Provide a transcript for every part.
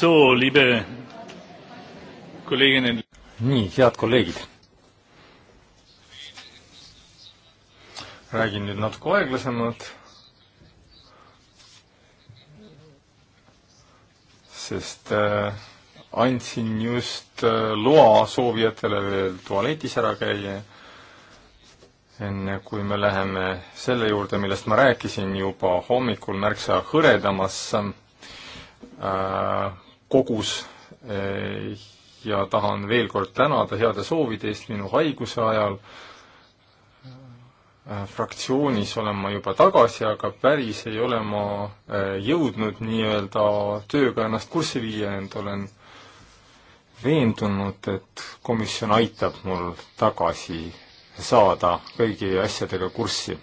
So, liebe Kolleginnen. nii, head kolleegid. räägin nüüd natuke aeglasemalt, sest äh, andsin just äh, loa soovijatele veel tualetis ära käia, enne kui me läheme selle juurde, millest ma rääkisin juba hommikul märksa hõredamas äh, kogus eh, ja tahan veel kord tänada heade soovide eest minu haiguse ajal. Eh, fraktsioonis olen ma juba tagasi, aga päris ei ole ma eh, jõudnud nii-öelda tööga ennast kurssi viia, ent olen veendunud, et komisjon aitab mul tagasi saada kõigi asjadega kurssi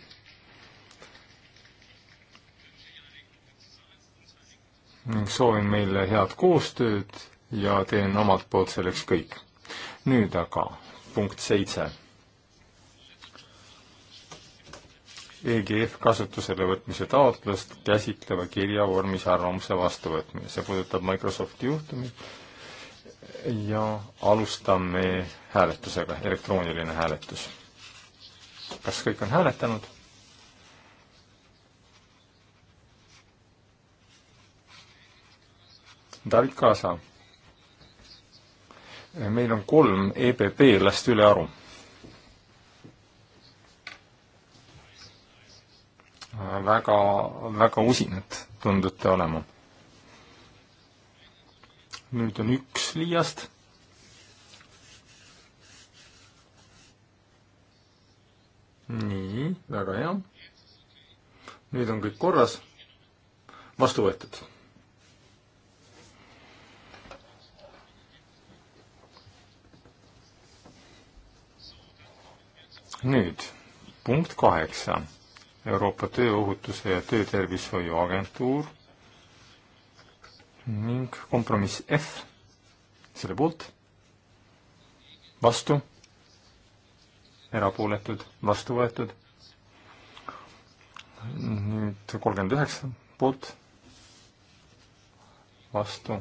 ning soovin meile head koostööd ja teen omalt poolt selleks kõik. nüüd aga punkt seitse. EGF kasutusele võtmise taotlust käsitleva kirja vormis arvamuse vastuvõtmine, see puudutab Microsofti juhtumit ja alustame hääletusega, elektrooniline hääletus. kas kõik on hääletanud? David Kaasa. meil on kolm EPP-last ülearu. väga, väga usinad tundute olema. nüüd on üks liiast nii, väga hea. nüüd on kõik korras, vastu võetud nüüd punkt kaheksa. Euroopa Tööohutuse ja Töötervishoiu Agentuur ning kompromiss F selle poolt, vastu, erapooletud, vastu võetud. nüüd kolmkümmend üheksa poolt, vastu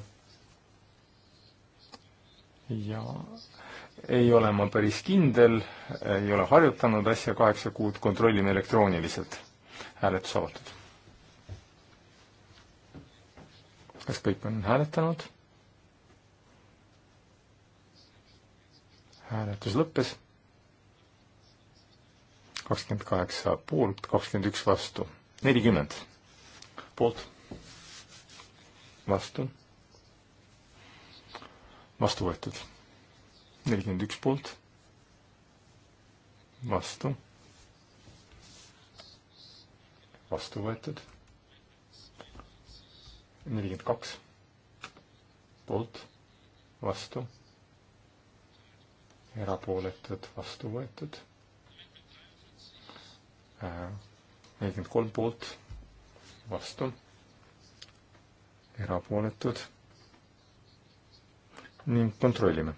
ja ei ole ma päris kindel, ei ole harjutanud asja kaheksa kuud, kontrollime elektrooniliselt. hääletus avatud. kas kõik on hääletanud? hääletus lõppes. kakskümmend kaheksa poolt, kakskümmend üks vastu, nelikümmend poolt, vastu, vastu võetud nelikümmend üks poolt, vastu, vastu võetud, nelikümmend kaks poolt, vastu, erapooletud, vastu võetud, äh, nelikümmend kolm poolt, vastu, erapooletud ning kontrollime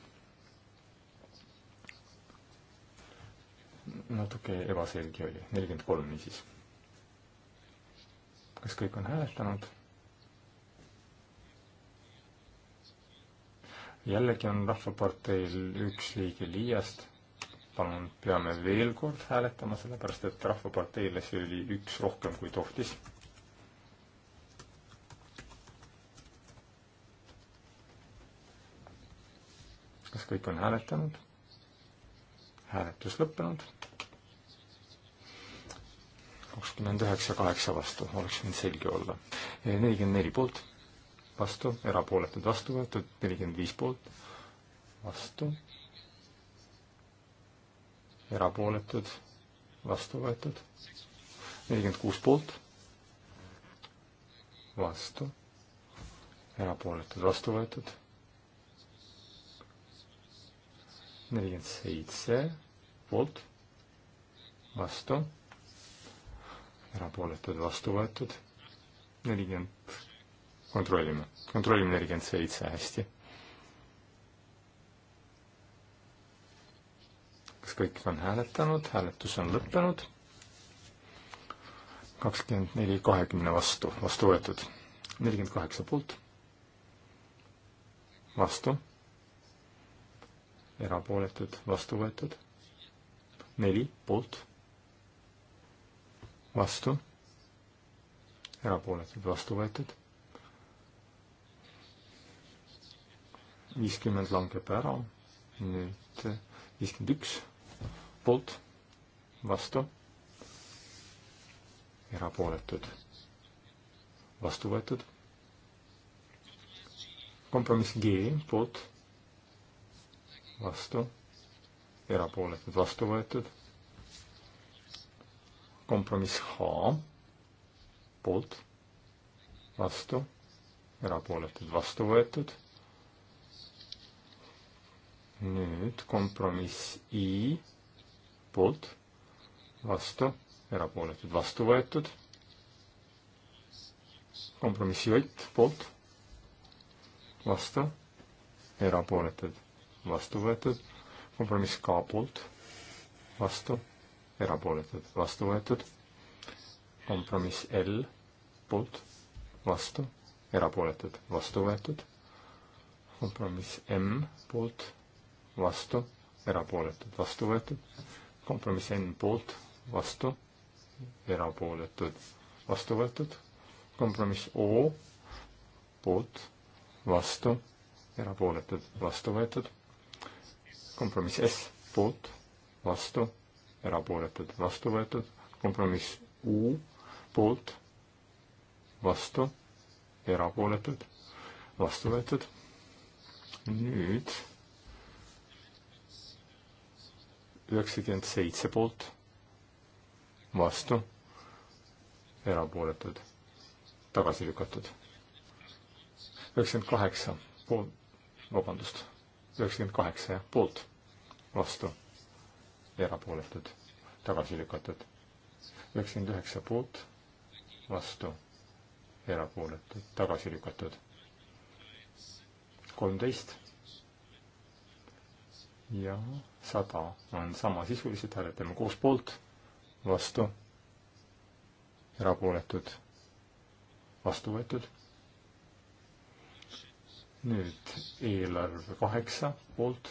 natuke ebaselge oli, nelikümmend kolm niisiis. kas kõik on hääletanud? jällegi on Rahvaparteil üks liige liiast. palun peame veel kord hääletama, sellepärast et Rahvaparteile see oli üks rohkem kui tohtis. kas kõik on hääletanud? hääletus lõppenud kakskümmend üheksa, kaheksa vastu, oleks võinud selge olla. nelikümmend neli poolt, vastu, erapooletud vastu võetud, nelikümmend viis poolt, vastu, erapooletud, vastu võetud, nelikümmend kuus poolt, vastu, erapooletud, vastu võetud, nelikümmend seitse poolt, vastu erapooletud vastu võetud, nelikümmend, kontrollime, kontrollime nelikümmend seitse, hästi. kas kõik on hääletanud, hääletus on lõppenud, kakskümmend neli kahekümne vastu, vastu võetud, nelikümmend kaheksa poolt, vastu, erapooletud, vastu võetud, neli poolt vastu, erapooletud, vastu võetud. viiskümmend langeb ära, nüüd viiskümmend üks poolt, vastu, erapooletud, vastu võetud. kompromiss G poolt, vastu, erapooletud, vastu võetud kompromiss H poolt, vastu, erapooletud, vastu võetud. nüüd kompromiss I poolt, vastu, erapooletud, vastu võetud. kompromiss J poolt, vastu, erapooletud, vastu võetud. kompromiss K poolt, vastu erapooletud, vastu võetud. kompromiss L poolt, vastu, erapooletud, vastu võetud. kompromiss M poolt, vastu, erapooletud, vastu võetud. kompromiss N poolt, vastu, erapooletud, vastu võetud. kompromiss O poolt, vastu, erapooletud, vastu võetud. kompromiss S poolt, vastu erapooletud, vastu võetud, kompromiss U poolt, vastu, erapooletud, vastu võetud. nüüd üheksakümmend seitse poolt, vastu, erapooletud, tagasi lükatud. üheksakümmend kaheksa poolt, vabandust, üheksakümmend kaheksa jah, poolt, vastu erapooletud, tagasi lükatud. üheksakümmend üheksa poolt, vastu, erapooletud, tagasi lükatud. kolmteist ja sada on samasisulised, hääletame koos poolt, vastu, erapooletud, vastu võetud. nüüd eelarve kaheksa poolt,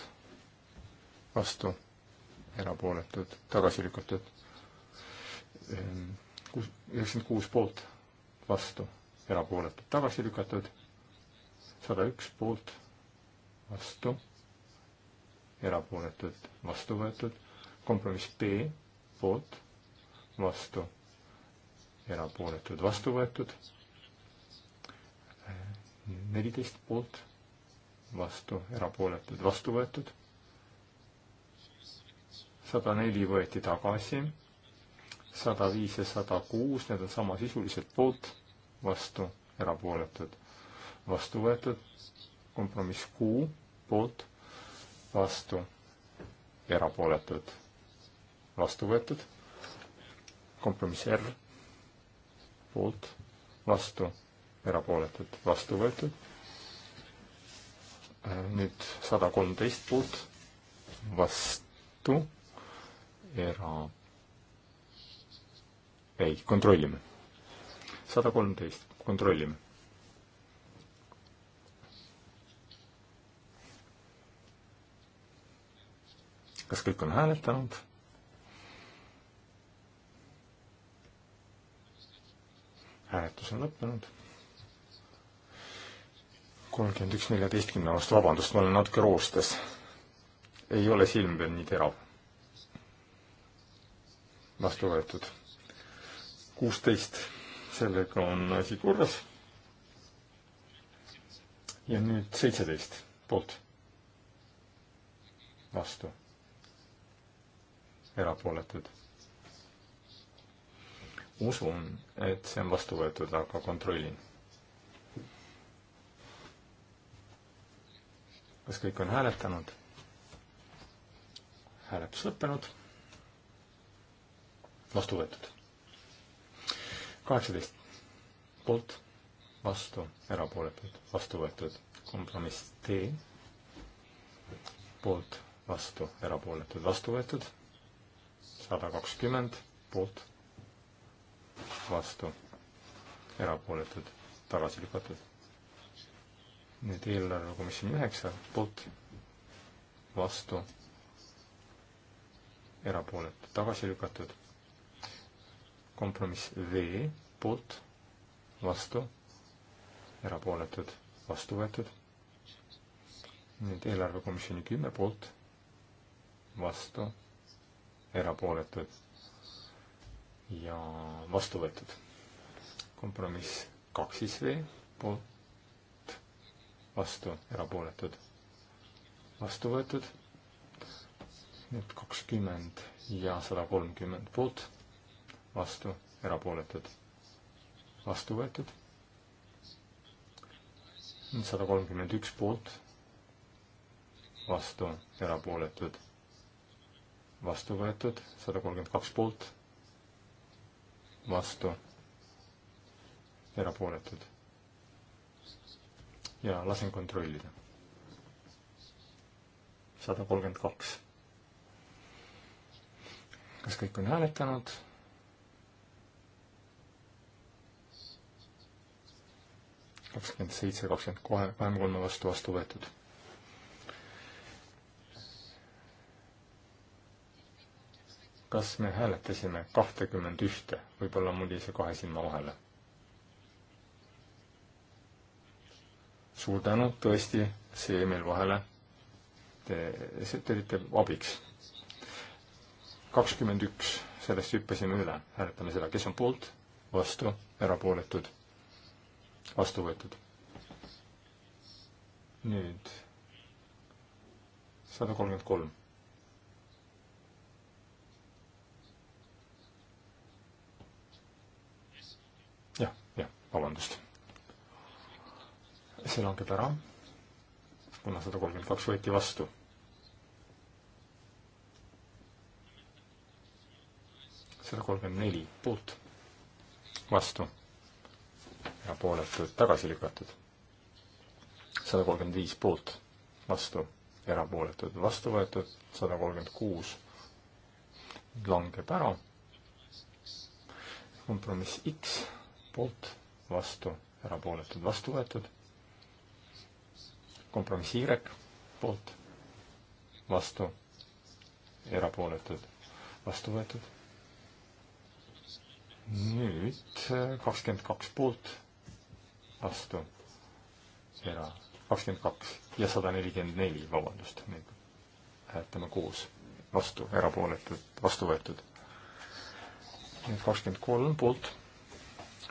vastu erapooletud, tagasi lükatud. Ehm, kuus, üheksakümmend kuus poolt, vastu, erapooletud, tagasi lükatud. sada üks poolt, vastu, erapooletud, vastu võetud. kompromiss B poolt, vastu, erapooletud, vastu võetud. Ehm, neliteist poolt, vastu, erapooletud, vastu võetud sada neli võeti tagasi, sada viis ja sada kuus, need on samasisulised poolt, vastu, erapooletud, vastu võetud, kompromiss Q poolt, vastu, erapooletud, vastu võetud, kompromiss R poolt, vastu, erapooletud, vastu võetud, äh, nüüd sada kolmteist poolt, vastu era, ei, kontrollime. sada kolmteist, kontrollime. kas kõik on hääletanud? hääletus on lõppenud. kolmkümmend üks neljateistkümne vastu, vabandust, ma olen natuke roostes. ei ole silm veel nii terav vastu võetud. kuusteist, sellega on asi korras. ja nüüd seitseteist poolt, vastu, erapooletud. usun, et see on vastu võetud, aga kontrollin kas kõik on hääletanud? hääletus lõppenud vastu võetud. kaheksateist poolt, vastu, erapooletud, vastu võetud. kompromiss D poolt, vastu, erapooletud, vastu võetud. sada kakskümmend poolt, vastu, erapooletud, tagasi lükatud. nüüd eelarvekomisjoni üheksa poolt, vastu, erapooletud, tagasi lükatud kompromiss V poolt, vastu, erapooletud, vastu võetud. nüüd eelarvekomisjoni kümme poolt, vastu, erapooletud ja vastu võetud. kompromiss kaks siis V poolt, vastu, erapooletud, vastu võetud. nüüd kakskümmend ja sada kolmkümmend poolt vastu, erapooletud, vastu võetud. sada kolmkümmend üks poolt, vastu, erapooletud, vastu võetud, sada kolmkümmend kaks poolt, vastu, erapooletud. ja lasen kontrollida. sada kolmkümmend kaks. kas kõik on hääletanud? kakskümmend seitse, kakskümmend kahe, kahekümne kolme vastu vastu võetud. kas me hääletasime kahtekümmend ühte, võib-olla mul jäi see kahe silma vahele. suur tänu, tõesti, see jäi meil vahele. Te, te olite abiks. kakskümmend üks, sellest hüppasime üle, hääletame seda, kes on poolt, vastu, erapooletud vastu võetud. nüüd sada kolmkümmend kolm. jah, jah, vabandust. see langeb ära, kuna sada kolmkümmend kaks võeti vastu. sada kolmkümmend neli poolt, vastu erapooletud, tagasi lükatud. sada kolmkümmend viis poolt, vastu, erapooletud, vastu võetud, sada kolmkümmend kuus langeb ära. kompromiss X, poolt, vastu, erapooletud, vastu võetud. kompromiss Y, poolt, vastu, erapooletud, vastu võetud nüüd kakskümmend kaks poolt vastu, era-, kakskümmend kaks ja sada nelikümmend neli, vabandust, need hääletame koos, vastu, erapooletud, vastu võetud. nüüd kakskümmend kolm poolt,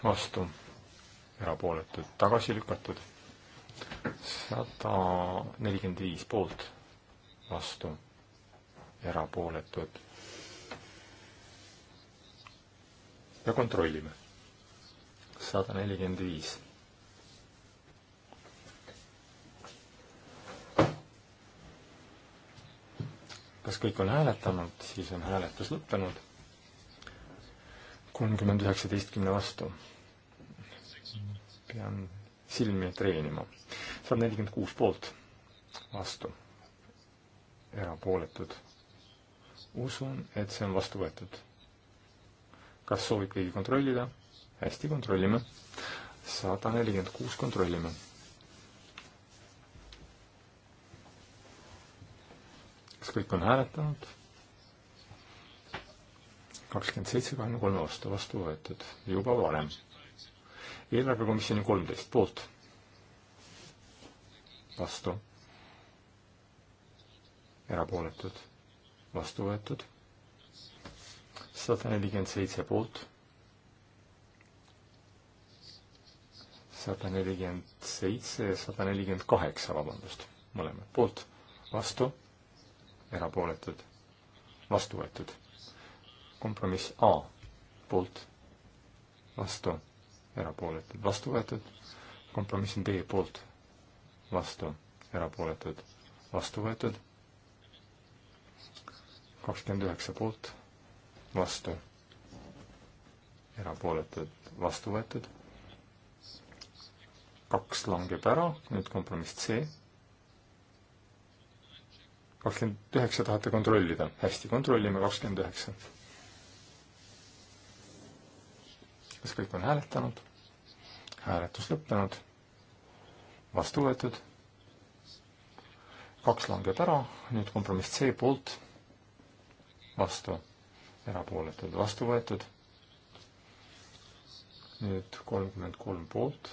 vastu, erapooletud, tagasi lükatud, sada nelikümmend viis poolt, vastu, erapooletud ja kontrollime. sada nelikümmend viis kas kõik on hääletanud, siis on hääletus lõppenud. kolmkümmend üheksateistkümne vastu. pean silmi treenima. sada nelikümmend kuus poolt, vastu, erapooletud. usun, et see on vastu võetud. kas soovib keegi kontrollida? hästi, kontrollime. sada nelikümmend kuus kontrollime kas kõik on hääletanud? kakskümmend seitse, kahekümne kolme aasta vastu võetud, juba varem. eelarvekomisjoni kolmteist poolt, vastu, erapooletud, vastu võetud, sada nelikümmend seitse poolt, sada nelikümmend seitse ja sada nelikümmend kaheksa, vabandust, mõlemad poolt, vastu erapooletud, vastu võetud. kompromiss A, poolt, vastu, erapooletud, vastu võetud. kompromiss B, poolt, vastu, erapooletud, vastu võetud. kakskümmend üheksa poolt, vastu, erapooletud, vastu võetud. kaks langeb ära, nüüd kompromiss C kakskümmend üheksa tahate kontrollida? hästi, kontrollime kakskümmend üheksa. kas kõik on hääletanud? hääletus lõppenud, vastu võetud, kaks langeb ära, nüüd kompromiss C poolt, vastu, erapooletud, vastu võetud, nüüd kolmkümmend kolm poolt,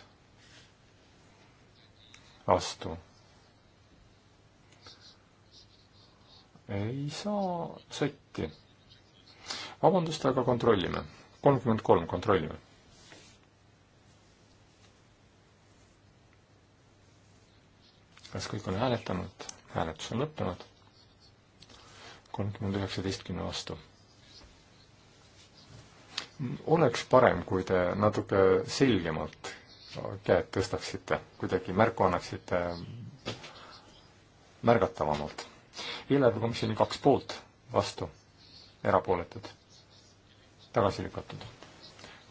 vastu ei saa sotti. vabandust, aga kontrollime. kolmkümmend kolm, kontrollime. kas kõik on hääletanud? hääletus on lõppenud. kolmkümmend üheksateistkümne vastu oleks parem, kui te natuke selgemalt käed tõstaksite, kuidagi märku annaksite märgatavamalt eelarvekomisjoni kaks poolt, vastu, erapooletud, tagasi lükatud.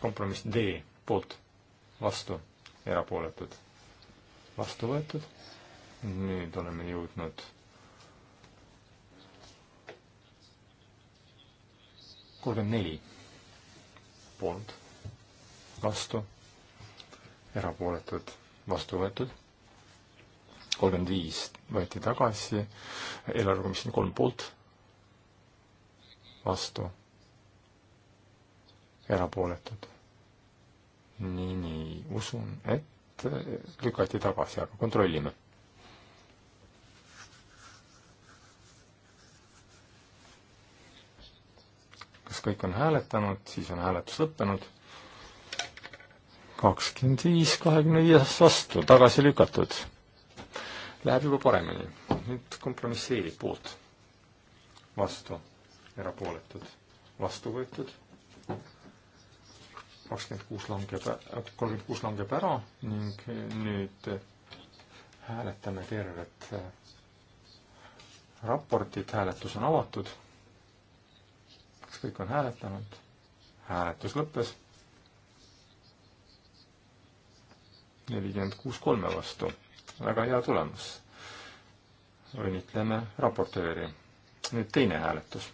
kompromiss D poolt, vastu, erapooletud, vastu võetud. nüüd oleme jõudnud kolmkümmend neli poolt, vastu, erapooletud, vastu võetud, kolmkümmend viis võeti tagasi, eelarvekomisjoni kolm poolt, vastu, erapooletud. nii, nii, usun, et lükati tagasi, aga kontrollime. kas kõik on hääletanud, siis on hääletus lõppenud kakskümmend viis kahekümne viiest vastu tagasi lükatud läheb juba paremini. nüüd kompromiss eelib poolt, vastu, erapooletud, vastu võetud, kakskümmend kuus langeb, kolmkümmend kuus langeb ära ning nüüd hääletame tervet äh, raportit, hääletus on avatud, kas kõik on hääletanud, hääletus lõppes nelikümmend kuus kolme vastu väga hea tulemus. õnnitleme raportööri. nüüd teine hääletus.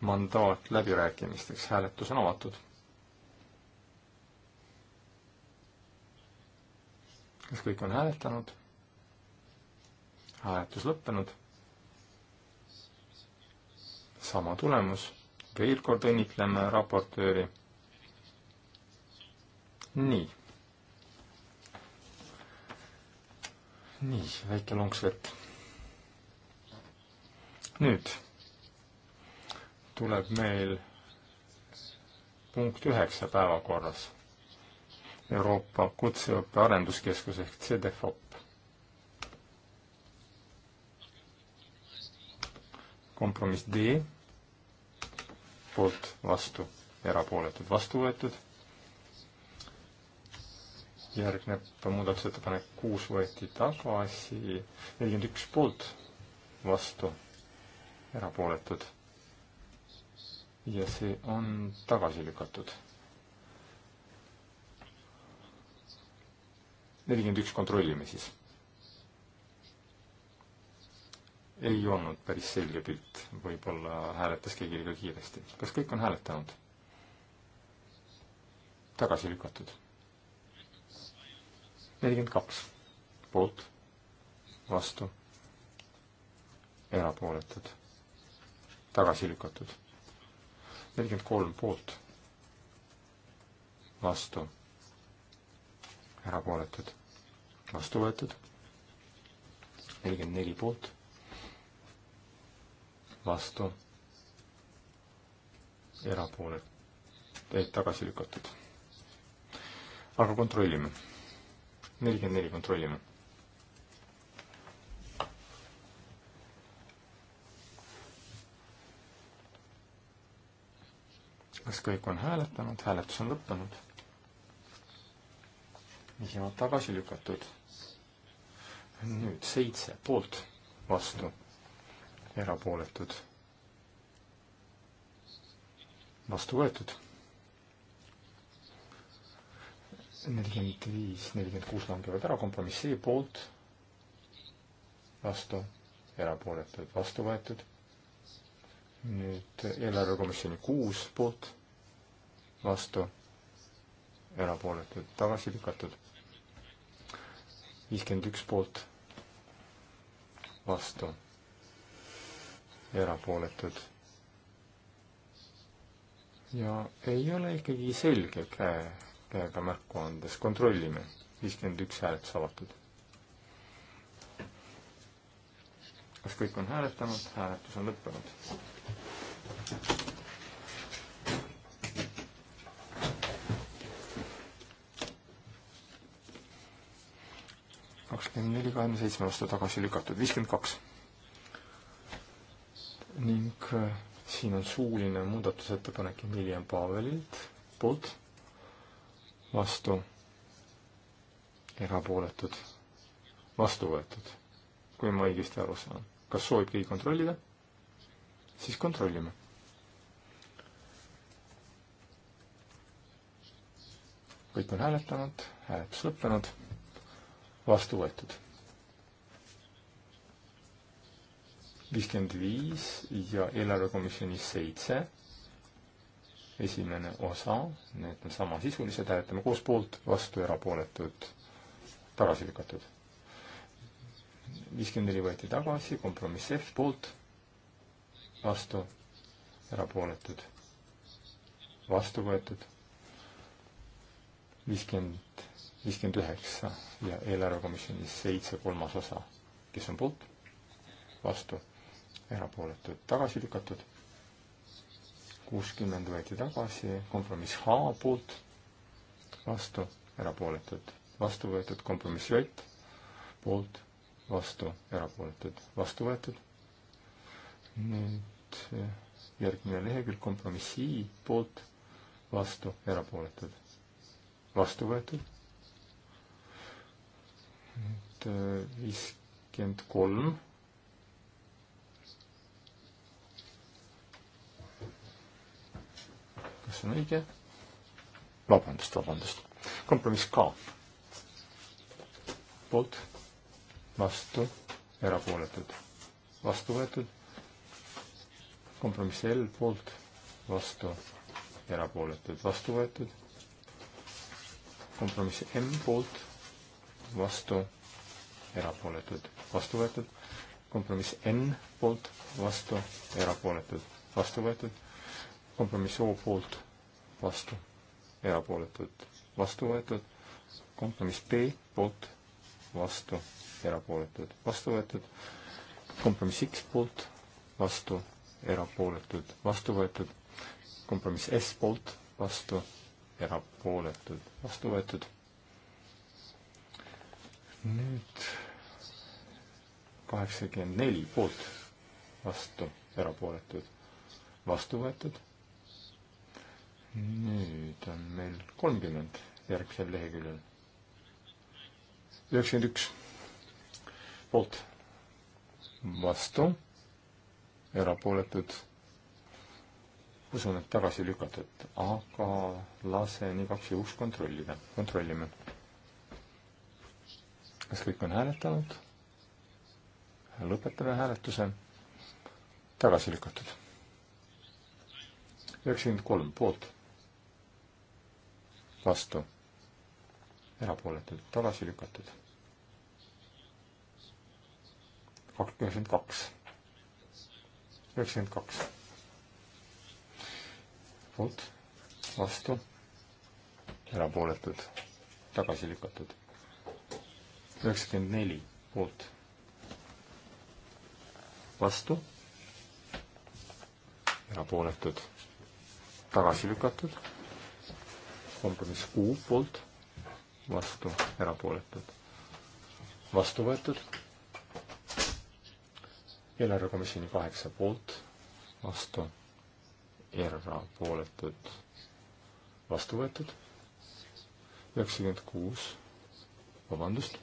mandaat läbirääkimisteks, hääletus on avatud. kas kõik on hääletanud? hääletus lõppenud. sama tulemus, veel kord õnnitleme raportööri nii. nii, väike lonks vett. nüüd tuleb meil punkt üheksa päevakorras. Euroopa Kutseõppe Arenduskeskus ehk CDFOP. kompromiss D, poolt, vastu, erapooletud, vastu võetud järgneb muudatusettepanek kuus võeti tagasi, nelikümmend üks poolt, vastu, erapooletud. ja see on tagasi lükatud. nelikümmend üks kontrollime siis. ei olnud päris selge pilt, võib-olla hääletas keegi liiga kiiresti. kas kõik on hääletanud? tagasi lükatud nelikümmend kaks poolt, vastu, erapooletud, tagasi lükatud. nelikümmend kolm poolt, vastu, erapooletud, vastu võetud. nelikümmend neli poolt, vastu, erapooletud, tagasi lükatud. aga kontrollime nelikümmend neli kontrollime. kas kõik on hääletanud, hääletus on lõppenud. ja tagasi lükatud. nüüd seitse poolt, vastu, erapooletud, vastu võetud nelikümmend viis, nelikümmend kuus langevad ära, kompromissi poolt, vastu, erapooletud, vastu võetud. nüüd eelarvekomisjoni kuus poolt, vastu, erapooletud, tagasi lükatud. viiskümmend üks poolt, vastu, erapooletud ja ei ole ikkagi selge käe käega märku andes, kontrollime. viiskümmend üks hääletus avatud. kas kõik on hääletanud? hääletus on lõppenud. kakskümmend neli, kahekümne seitsme aasta tagasi lükatud, viiskümmend kaks. ning äh, siin on suuline muudatusettepanek Emilia Pavelilt poolt vastu, erapooletud, vastu võetud, kui ma õigesti aru saan. kas soovib keegi kontrollida? siis kontrollime. kõik on hääletanud, hääletus lõppenud, vastu võetud. viiskümmend viis ja eelarvekomisjonis seitse esimene osa, need on samasisulised, hääletame koos poolt, vastu, erapooletud, tagasi lükatud. viiskümmend neli võeti tagasi, kompromiss F poolt, vastu, erapooletud, vastu võetud, viiskümmend, viiskümmend üheksa ja eelarvekomisjonis seitse kolmas osa, kes on poolt, vastu, erapooletud, tagasi lükatud kuuskümmend võeti tagasi, kompromiss H poolt, vastu, erapooletud, vastu võetud, kompromiss J poolt, vastu, erapooletud, vastu võetud. nüüd eh, järgmine lehekülg, kompromiss I poolt, vastu, erapooletud, vastu võetud. nüüd eh, viiskümmend kolm kas on õige? vabandust, vabandust. kompromiss K. poolt, vastu, erapooletud, vastu võetud. kompromiss L poolt, vastu, erapooletud, vastu võetud. kompromiss M poolt, vastu, erapooletud, vastu võetud. kompromiss N poolt, vastu, erapooletud, vastu võetud. kompromiss O poolt vastu, erapooletud, vastu võetud, kompromiss B poolt, vastu, erapooletud, vastu võetud, kompromiss X poolt, vastu, erapooletud, vastu võetud, kompromiss S poolt, vastu, erapooletud, vastu võetud. nüüd kaheksakümmend neli poolt, vastu, erapooletud, vastu võetud nüüd on meil kolmkümmend järgmisel leheküljel. üheksakümmend üks poolt, vastu, erapooletud. usun, et tagasi lükatud, aga lasen igaks juhuks kontrollida, kontrollime. kas kõik on hääletanud? lõpetame hääletuse. tagasi lükatud. üheksakümmend kolm poolt vastu, erapooletud, tagasi lükatud. kakskümmend kaks, üheksakümmend kaks. poolt, vastu, erapooletud, tagasi lükatud. üheksakümmend neli, poolt, vastu, erapooletud, tagasi lükatud kompromiss Q poolt, vastu, erapooletud, vastu võetud. eelarvekomisjoni kaheksa poolt, vastu, erapooletud, vastu võetud. üheksakümmend kuus, vabandust,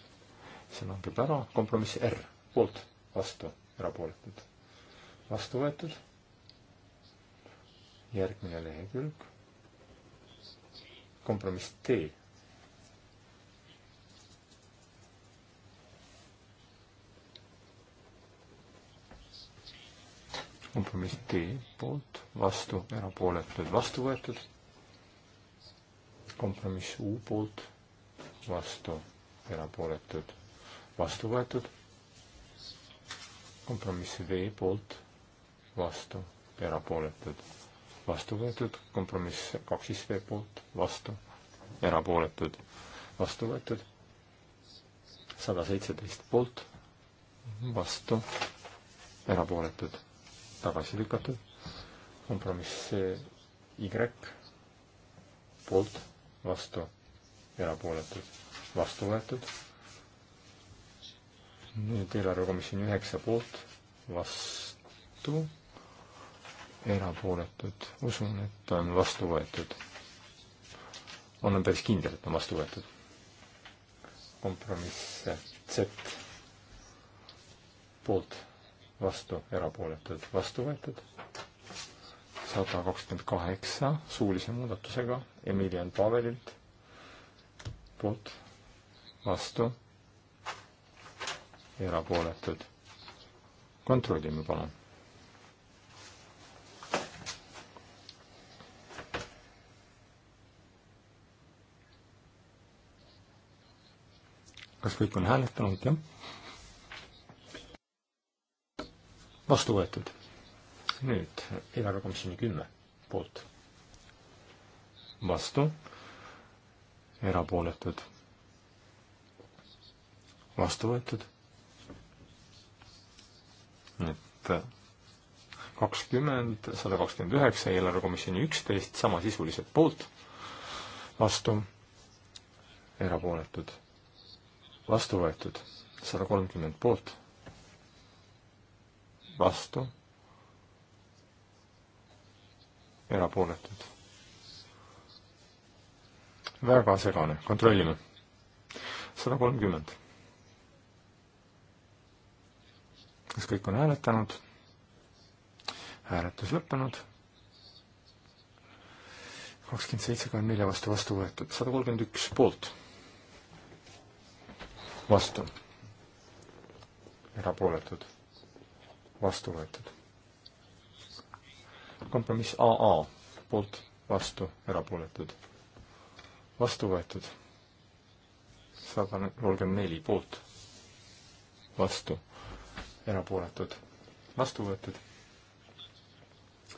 see langeb ära, kompromiss R poolt, vastu, erapooletud, vastu võetud. järgmine lehekülg kompromiss D. kompromiss D poolt, vastu, erapooletud, vastu võetud. kompromiss U poolt, vastu, erapooletud, vastu võetud. kompromiss V poolt, vastu, erapooletud vastu võetud, kompromiss kaks SV poolt, vastu, erapooletud, vastu võetud, sada seitseteist poolt, vastu, erapooletud, tagasi lükatud, kompromiss Y poolt, vastu, erapooletud, vastu võetud, nüüd eelarvekomisjoni üheksa poolt, vastu, erapooletud, usun, et ta on vastu võetud. olen päris kindel, et on vastu võetud. kompromiss Z poolt, vastu, erapooletud, vastu võetud. sada kakskümmend kaheksa suulise muudatusega Emilian Pavelilt poolt, vastu, erapooletud. kontrollime palun kas kõik on hääletanud, jah? vastu võetud. nüüd eelarvekomisjoni kümme poolt, vastu, erapooletud, vastu võetud. et kakskümmend, sada kakskümmend üheksa, eelarvekomisjoni üksteist, samasisulised poolt, vastu, erapooletud vastu võetud sada kolmkümmend poolt, vastu, erapooletud. väga segane, kontrollime. sada kolmkümmend. kas kõik on hääletanud? hääletus lõppenud. kakskümmend seitse, kolmkümmend nelja vastu vastu võetud, sada kolmkümmend üks poolt vastu, erapooletud, vastu võetud. kompromiss AA, poolt, vastu, erapooletud, vastu võetud, sada kolmkümmend neli poolt, vastu, erapooletud, vastu võetud,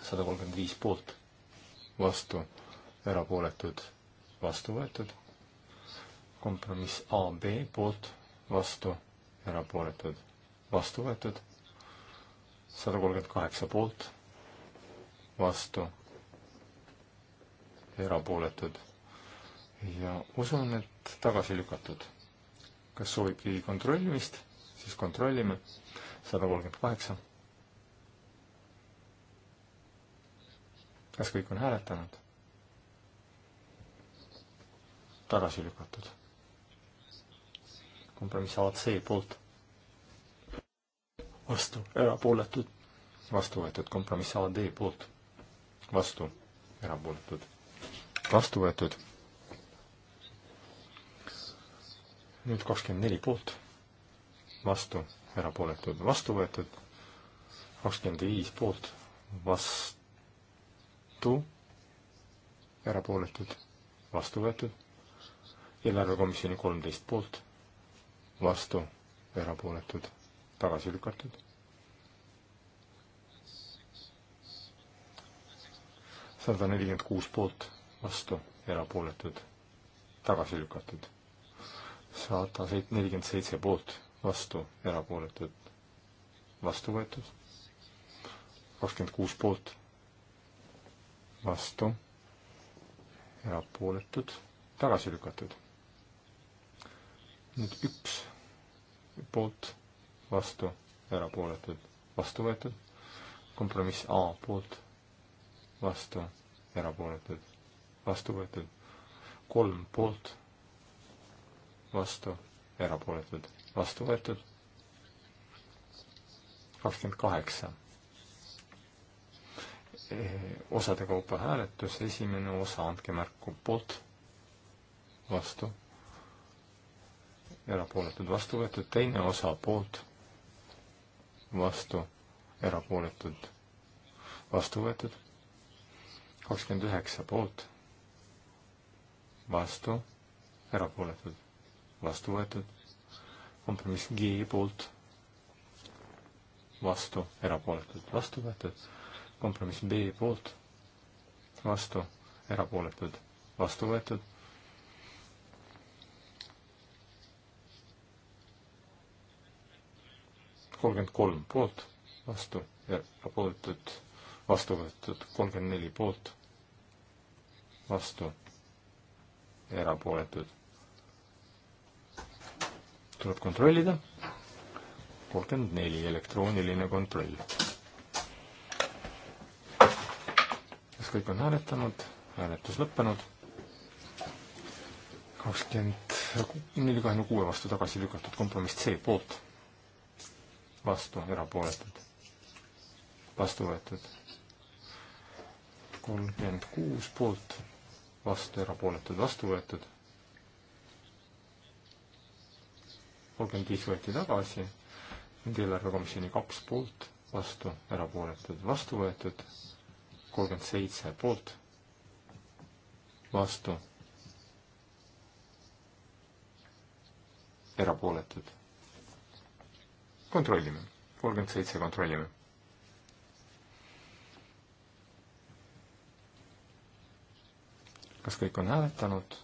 sada kolmkümmend viis poolt, vastu, erapooletud, vastu võetud kompromiss AB poolt, vastu, erapooletud, vastu võetud, sada kolmkümmend kaheksa poolt, vastu, erapooletud ja usun, et tagasi lükatud. kas soovib keegi kontrollimist, siis kontrollime, sada kolmkümmend kaheksa. kas kõik on hääletanud? tagasi lükatud kompromiss AC poolt, vastu, erapooletud, vastu võetud, kompromiss AD poolt, vastu, erapooletud, vastu võetud. nüüd kakskümmend neli poolt, vastu, erapooletud, vastu võetud, kakskümmend viis poolt, vastu, erapooletud, vastu võetud, eelarvekomisjoni kolmteist poolt vastu, erapooletud, tagasi lükatud. sada nelikümmend kuus poolt, vastu, erapooletud, tagasi lükatud. sada seit-, nelikümmend seitse poolt, vastu, erapooletud, vastu võetud. kakskümmend kuus poolt, vastu, erapooletud, tagasi lükatud nüüd üks poolt, vastu, erapooletud, vastu võetud. kompromiss A poolt, vastu, erapooletud, vastu võetud. kolm poolt, vastu, erapooletud, vastu võetud. kakskümmend kaheksa osade kaupa hääletus, esimene osa, andke märku poolt, vastu erapooletud vastu võetud, teine osa poolt, vastu, erapooletud vastu võetud, kakskümmend üheksa poolt, vastu, erapooletud vastu võetud, kompromiss G poolt, vastu, erapooletud vastu võetud, kompromiss B poolt, vastu, erapooletud vastu võetud kolmkümmend kolm poolt, vastu ja erapooletud, vastu võetud kolmkümmend neli poolt, vastu ja erapooletud. tuleb kontrollida. kolmkümmend neli, elektrooniline kontroll. kas kõik on hääletanud? hääletus lõppenud kakskümmend neli, kahekümne kuue vastu tagasi lükatud kompromiss C poolt, vastu, erapooletud, vastu võetud. kolmkümmend kuus poolt, vastu, erapooletud, vastu võetud. kolmkümmend viis võeti tagasi, nüüd eelarvekomisjoni kaks poolt, vastu, erapooletud, vastu võetud, kolmkümmend seitse poolt, vastu, erapooletud kontrollime, kolmkümmend seitse kontrollime. kas kõik on hääletanud?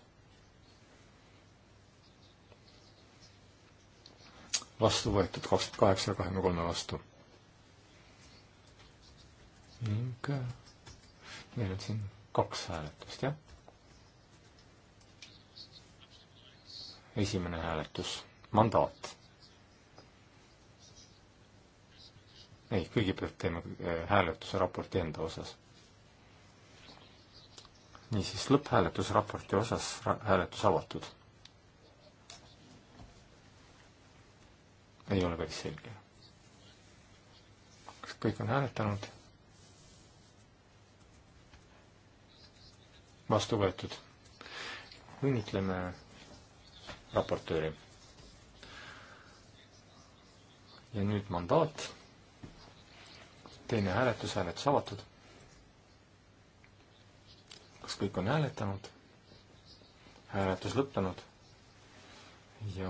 vastu võetud, kakskümmend kaheksa ja kahekümne kolme vastu. ning äh, meil on siin kaks hääletust, jah. esimene hääletus, mandaat ei, kõigepealt teeme äh, hääletuse raporti enda osas. niisiis, lõpphääletus raporti osas, hääletus avatud. ei ole päris selge. kas kõik on hääletanud? vastu võetud. õnnitleme raportööri. ja nüüd mandaat teine hääletus, hääletus avatud. kas kõik on hääletanud? hääletus lõppenud ja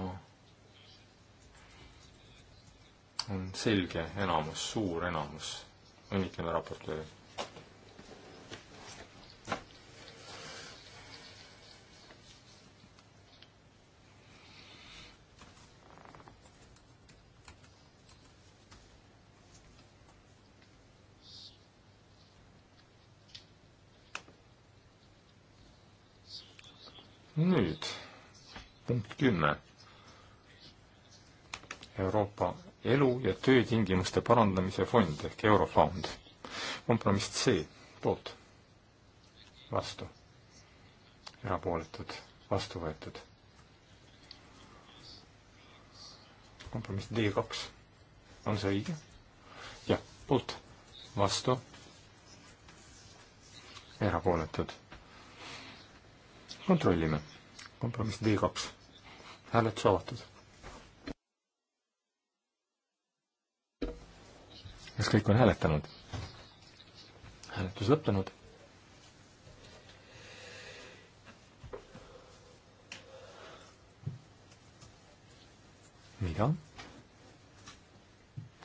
on selge enamus, suur enamus. õnnitleme raportööri kümme Euroopa elu- ja töötingimuste parandamise fond ehk Eurofond. kompromiss C poolt, vastu, erapooletud, vastu võetud. kompromiss D kaks, on see õige? jah, poolt, vastu, erapooletud. kontrollime, kompromiss D kaks hääletus avatud. kas kõik on hääletanud? hääletus lõppenud. mida?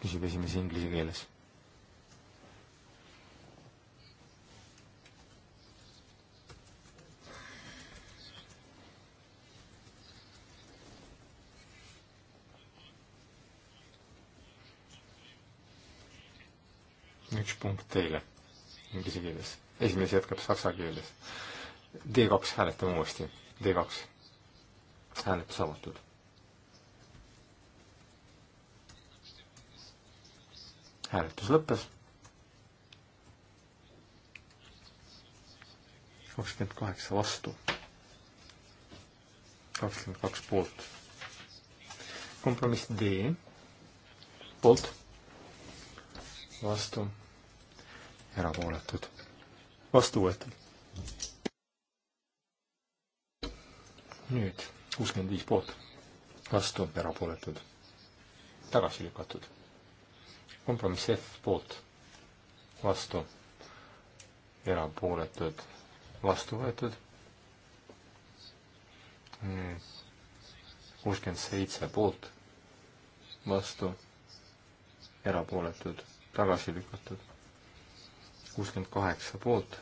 küsib esimees inglise keeles üks punkt teile inglise keeles. esimees jätkab saksa keeles. D2 hääletame uuesti. D2. hääletus avatud. hääletus lõppes. kakskümmend kaheksa vastu. kakskümmend kaks poolt. kompromiss D poolt, vastu erapooletud, vastu võetud. nüüd kuuskümmend viis poolt, vastu, erapooletud, tagasi lükatud. kompromiss F poolt, vastu, erapooletud, vastu võetud. kuuskümmend seitse poolt, vastu, erapooletud, tagasi lükatud kuuskümmend kaheksa poolt,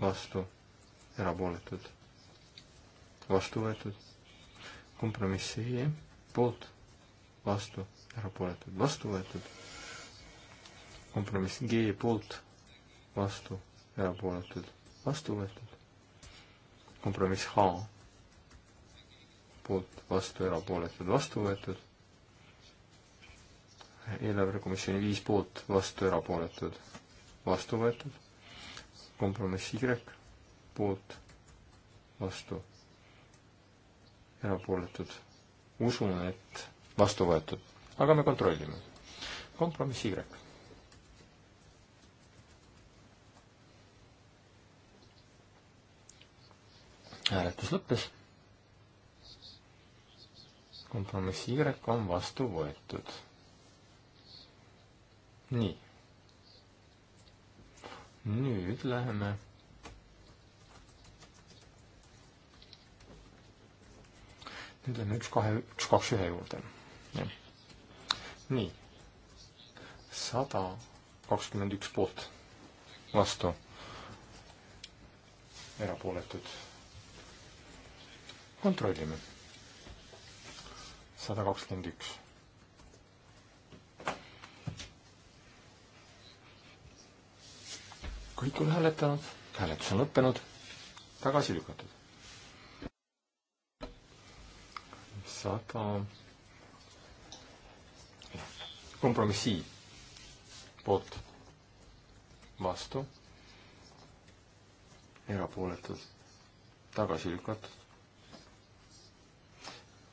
vastu, erapooletud, vastu võetud, kompromiss ei, poolt, vastu, erapooletud, vastu võetud, kompromiss G poolt, vastu, erapooletud, vastu võetud, kompromiss H poolt, vastu, erapooletud, vastu võetud, eelarvekomisjoni viis poolt, vastu erapooletud, vastu võetud. kompromiss Y poolt, vastu erapooletud. usun, et vastu võetud, aga me kontrollime. kompromiss Y. hääletus lõppes. kompromiss Y on vastu võetud nii. nüüd läheme nüüd lähme üks, kahe, üks, kaks, ühe juurde. nii. sada kakskümmend üks poolt vastu. erapooletud. kontrollime. sada kakskümmend üks kõik on hääletanud, hääletus on lõppenud, tagasi lükatud. sada kompromissi poolt vastu, erapooletud, tagasi lükatud.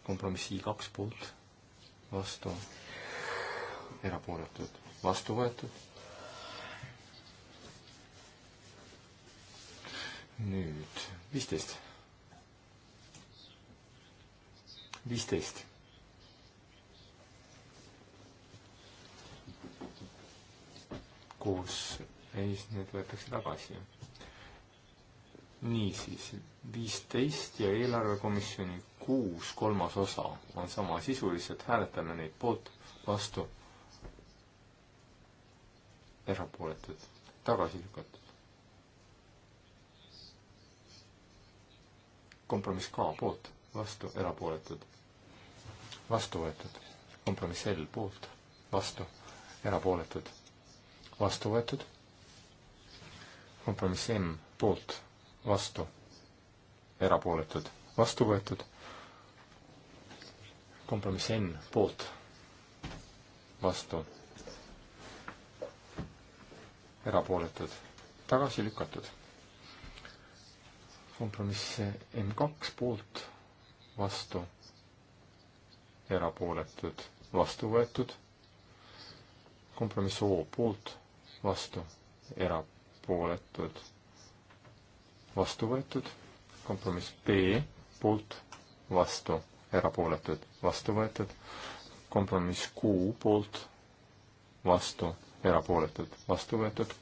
kompromissi kaks poolt vastu, erapooletud, vastu võetud nüüd viisteist. viisteist. koos ja siis need võetakse tagasi. niisiis, viisteist ja eelarvekomisjoni kuus kolmas osa on samasisulised, hääletame neid poolt, vastu, erapooletud, tagasi lükatud. kompromiss K poolt, vastu, erapooletud, vastu võetud. kompromiss L poolt, vastu, erapooletud, vastu võetud. kompromiss M poolt, vastu, erapooletud, vastu võetud. kompromiss N poolt, vastu, erapooletud, tagasi lükatud kompromiss M2 poolt, vastu, erapooletud, vastu võetud. kompromiss O poolt, vastu, erapooletud, vastu võetud. kompromiss B poolt, vastu, erapooletud, vastu võetud. kompromiss Q poolt, vastu, erapooletud, vastu võetud.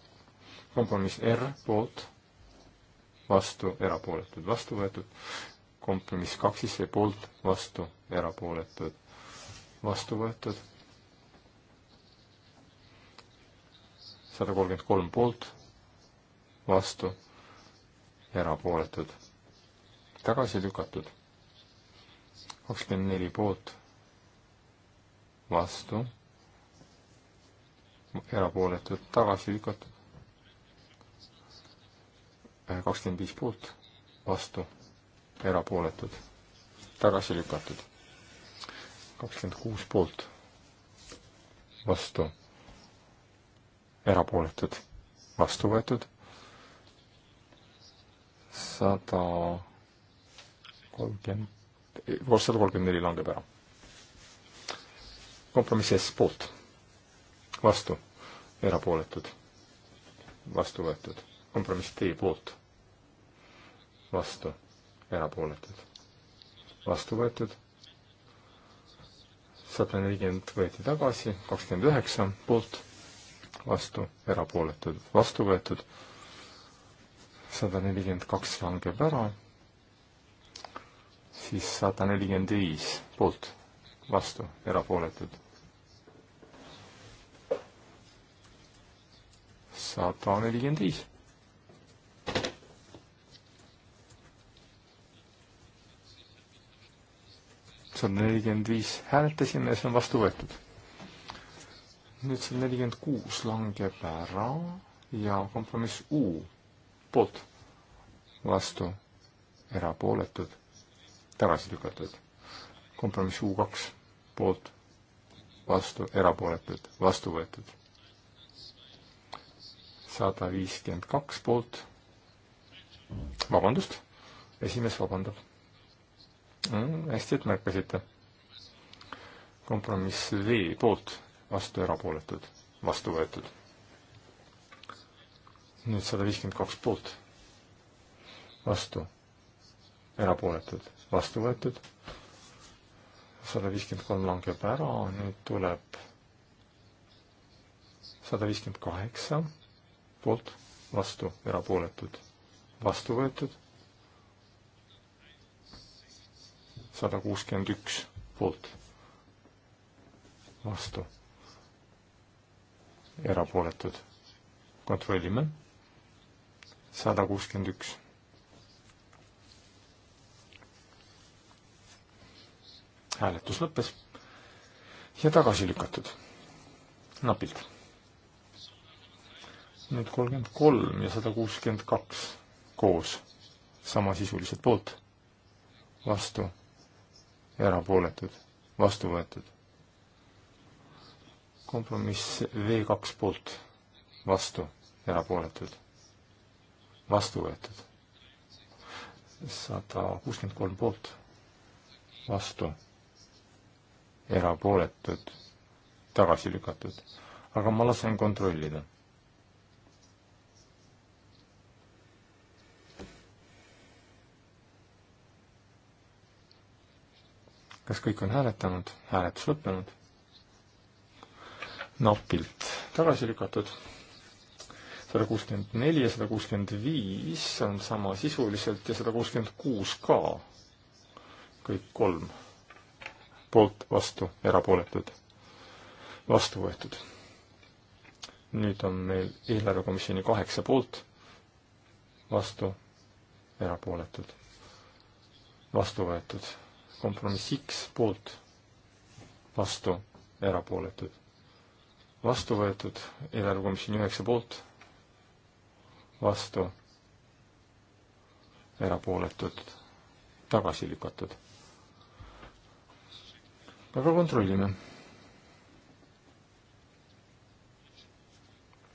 kompromiss R poolt vastu, erapooletud, vastu võetud. kompromiss kaks ise poolt, vastu, erapooletud, vastu võetud. sada kolmkümmend kolm poolt, vastu, erapooletud, tagasi lükatud. kakskümmend neli poolt, vastu, erapooletud, tagasi lükatud kakskümmend viis poolt, vastu, erapooletud, tagasi lükatud. kakskümmend kuus poolt, vastu, erapooletud, vastu võetud, sada kolmkümmend, koos sada kolmkümmend neli langeb ära. kompromiss S poolt, vastu, erapooletud, vastu võetud kompromiss D poolt, vastu, erapooletud, vastu võetud, sada nelikümmend võeti tagasi, kakskümmend üheksa poolt, vastu, erapooletud, vastu võetud, sada nelikümmend kaks langeb ära, siis sada nelikümmend viis poolt, vastu, erapooletud saab ta nelikümmend viis. kakssada nelikümmend viis hääletasime ja see on vastu võetud. nüüd see nelikümmend kuus langeb ära ja kompromiss U poolt, vastu, erapooletud, tagasi lükatud. kompromiss U kaks poolt, vastu, erapooletud, vastu võetud. sada viiskümmend kaks poolt, vabandust, esimees vabandab mm,. hästi, et märkasite. kompromiss V poolt, vastu erapooletud, vastu võetud. nüüd sada viiskümmend kaks poolt, vastu, erapooletud, vastu võetud. sada viiskümmend kolm langeb ära, nüüd tuleb sada viiskümmend kaheksa poolt, vastu, erapooletud, vastu võetud sada kuuskümmend üks poolt, vastu, erapooletud. kontrollime, sada kuuskümmend üks. hääletus lõppes ja tagasi lükatud, napilt. nüüd kolmkümmend kolm ja sada kuuskümmend kaks koos samasisulised poolt, vastu erapooletud, vastu võetud. kompromiss V kaks poolt, vastu, erapooletud, vastu võetud. sada kuuskümmend kolm poolt, vastu, erapooletud, tagasi lükatud. aga ma lasen kontrollida kas kõik on hääletanud, hääletus lõppenud? napilt tagasi lükatud. sada kuuskümmend neli ja sada kuuskümmend viis on samasisuliselt ja sada kuuskümmend kuus ka. kõik kolm poolt, vastu, erapooletud, vastu võetud. nüüd on meil eelarvekomisjoni kaheksa poolt, vastu, erapooletud, vastu võetud kompromiss X poolt, vastu, erapooletud. vastu võetud eelarvekomisjoni üheksa poolt, vastu, erapooletud, tagasi lükatud. aga kontrollime.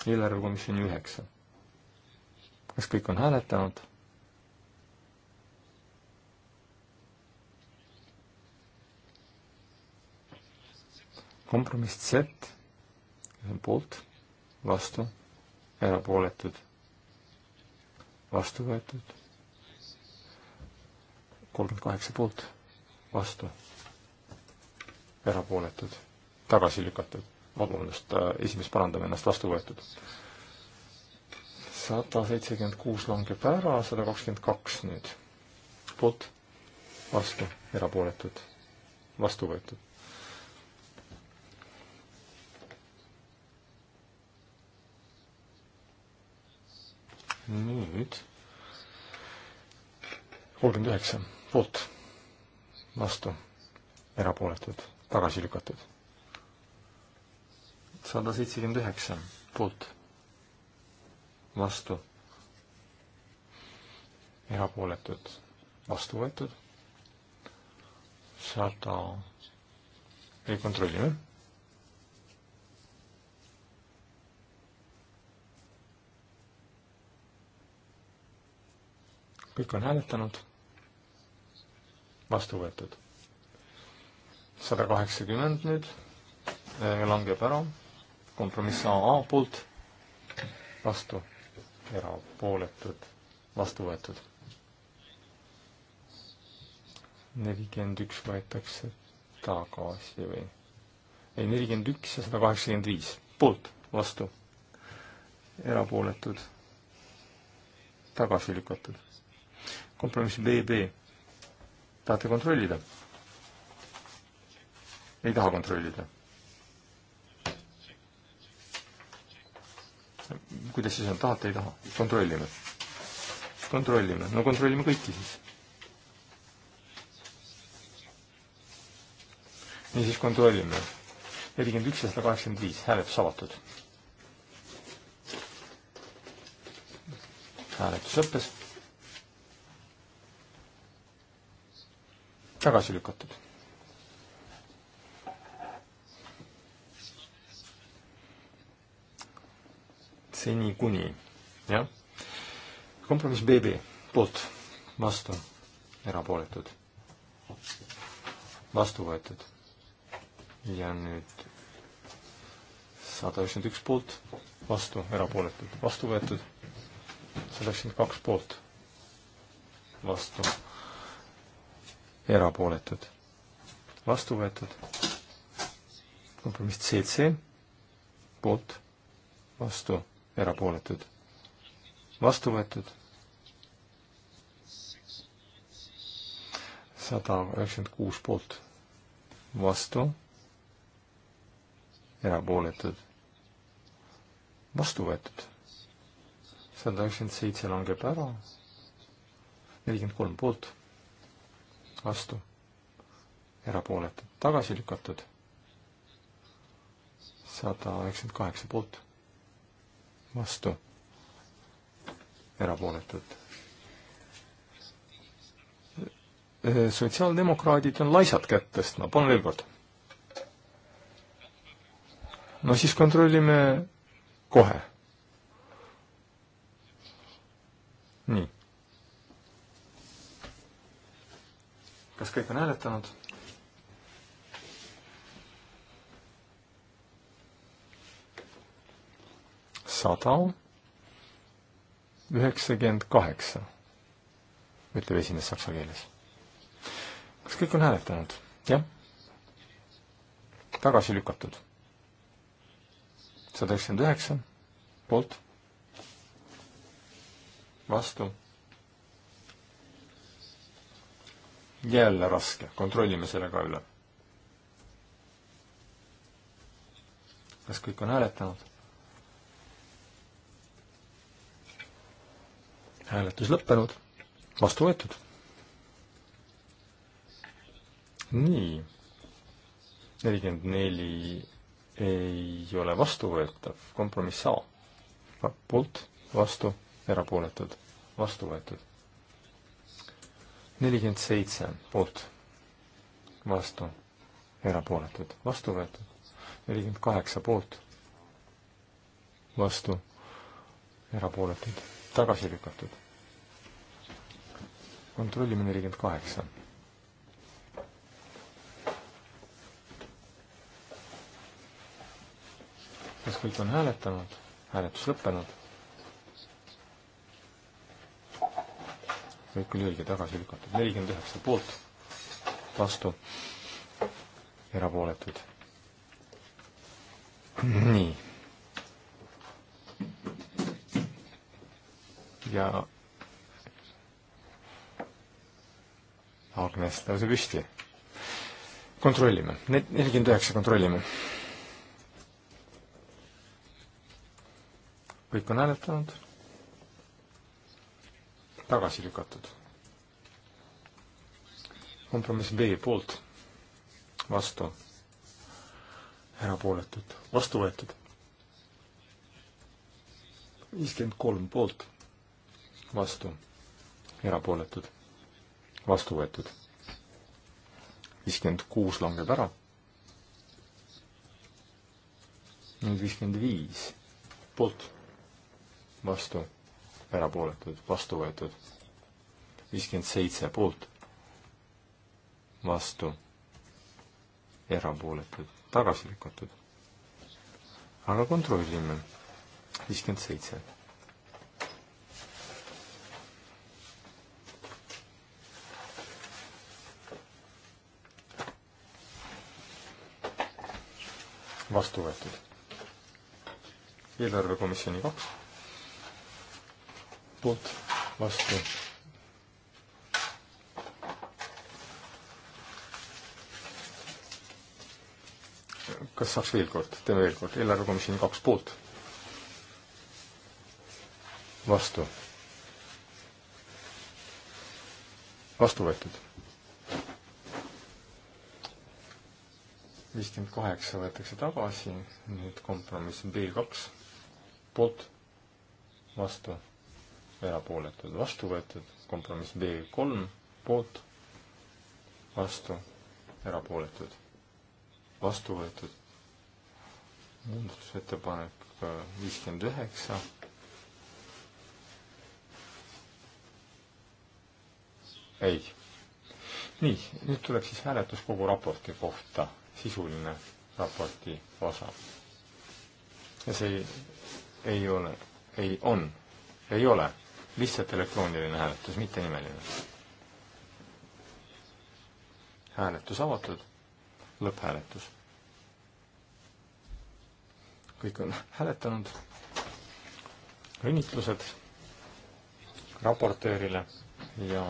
eelarvekomisjoni üheksa. kas kõik on hääletanud? kompromiss Z, kes on poolt, vastu, erapooletud, vastu võetud, kolmkümmend kaheksa poolt, vastu, erapooletud, tagasi lükatud, vabandust, äh, esimees parandab ennast, vastu võetud. sada seitsekümmend kuus langeb ära, sada kakskümmend kaks nüüd, poolt, vastu, erapooletud, vastu võetud nüüd kolmkümmend üheksa poolt, vastu, erapooletud, tagasi lükatud. sada seitsekümmend üheksa poolt, vastu, erapooletud, vastu võetud, sada, ei kontrollime kõik on hääletanud, vastu võetud. sada kaheksakümmend nüüd äh, langeb ära, kompromiss AA poolt, vastu, erapooletud, vastu võetud. nelikümmend üks võetakse tagasi või ei, nelikümmend üks ja sada kaheksakümmend viis, poolt, vastu, erapooletud, tagasi lükatud kompromiss BB. tahate kontrollida? ei taha kontrollida. kuidas siis on, tahate, ei taha? kontrollime. kontrollime, no kontrollime kõiki siis. niisiis kontrollime. nelikümmend üks ja sada kaheksakümmend viis, hääletus avatud. hääletus lõppes tagasi lükatud. seni kuni, jah. kompromiss beebi poolt, vastu, erapooletud, vastu võetud. ja nüüd sada üheksakümmend üks poolt, vastu, erapooletud, vastu võetud, sada üheksakümmend kaks poolt, vastu erapooletud, vastu võetud. kompromiss CC, poolt, vastu, erapooletud, vastu võetud. sada üheksakümmend kuus poolt, vastu, erapooletud, vastu võetud. sada üheksakümmend seitse langeb ära, nelikümmend kolm poolt vastu, erapooletud, tagasi lükatud, sada üheksakümmend kaheksa poolt, vastu, erapooletud. sotsiaaldemokraadid on laisad kätt tõstma, palun veel kord. no siis kontrollime kohe. nii kas kõik on hääletanud? sada üheksakümmend kaheksa, ütleb esimees saksa keeles. kas kõik on hääletanud? jah. tagasi lükatud. sada üheksakümmend üheksa, poolt, vastu jälle raske, kontrollime selle ka üle. kas kõik on hääletanud? hääletus lõppenud, vastu võetud. nii, nelikümmend neli ei ole vastuvõetav, kompromiss A. poolt, vastu, erapooletud, vastu võetud nelikümmend seitse poolt, vastu, erapooletud, vastu võetud. nelikümmend kaheksa poolt, vastu, erapooletud, tagasi lükatud. kontrollime nelikümmend kaheksa. kas kõik on hääletanud? hääletus lõppenud kõik oli õige, tagasi lükatud. nelikümmend üheksa poolt, vastu, erapooletud. nii. ja Agnes tõuse püsti. kontrollime, nelikümmend üheksa kontrollime. kõik on hääletanud tagasi lükatud. kompromiss B poolt, vastu, erapooletud, vastu võetud. viiskümmend kolm poolt, vastu, erapooletud, vastu võetud. viiskümmend kuus langeb ära. nüüd viiskümmend viis poolt, vastu erapooletud, vastu võetud. viiskümmend seitse poolt, vastu, erapooletud, tagasi lükatud. aga kontrollime, viiskümmend seitse. vastu võetud. eelarvekomisjoni kaks poolt, vastu. kas saaks veel kord, teeme veel kord, eelarvekomisjoni kaks poolt, vastu, vastu võetud. viiskümmend kaheksa võetakse tagasi, nüüd kompromiss B kaks, poolt, vastu erapooletud, vastu võetud, kompromiss B kolm, poolt, vastu, erapooletud, vastu võetud, muudatusettepanek äh, viiskümmend üheksa, ei. nii, nüüd tuleb siis hääletus kogu raporti kohta, sisuline raporti osa. ja see ei, ei ole, ei on, ei ole lihtsalt elektrooniline hääletus, mitte nimeline. hääletus avatud, lõpphääletus. kõik on hääletanud. õnnitlused raportöörile ja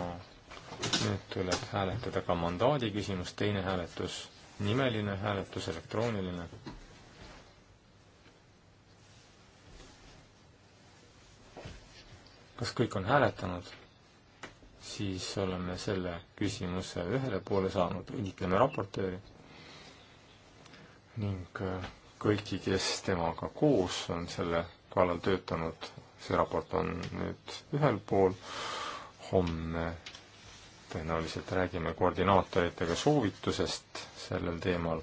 nüüd tuleb hääletada ka mandaadi küsimus, teine hääletus, nimeline hääletus, elektrooniline kas kõik on hääletanud, siis oleme selle küsimuse ühele poole saanud, õnnitleme raportööri ning äh, kõiki, kes temaga koos on selle kallal töötanud, see raport on nüüd ühel pool, homme tõenäoliselt räägime koordinaatoritega soovitusest sellel teemal.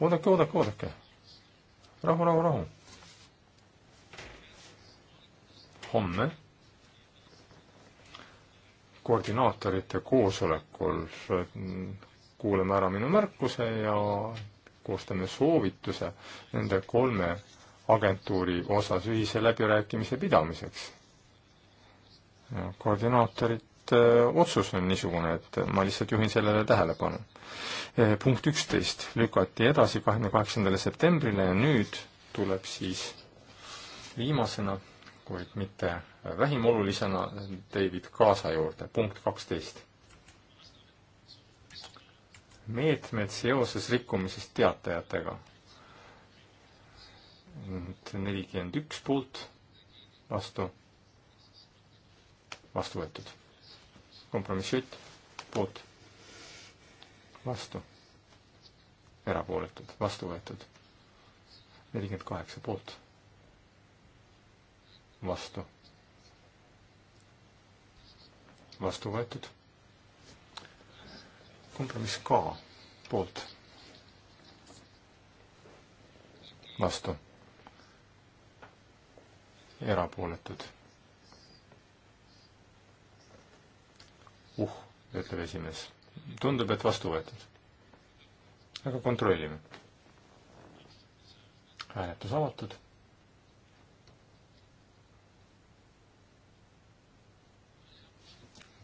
oodake, oodake, oodake, rahu, rahu, rahu homme koordinaatorite koosolekul kuulame ära minu märkuse ja koostame soovituse nende kolme agentuuri osas ühise läbirääkimise pidamiseks. koordinaatorite äh, otsus on niisugune, et ma lihtsalt juhin sellele tähelepanu. Äh, punkt üksteist lükati edasi kahekümne kaheksandale septembrile ja nüüd tuleb siis viimasena kuid mitte vähim olulisena David Kaasa juurde, punkt kaksteist. meetmed seoses rikkumisest teatajatega. nelikümmend üks poolt, vastu, vastu võetud. kompromissjutt, poolt, vastu, erapooletud, vastu võetud. nelikümmend kaheksa poolt vastu. vastu võetud. kompromiss K poolt. vastu. erapooletud. uh, ütleb esimees. tundub, et vastu võetud. aga kontrollime. hääletus avatud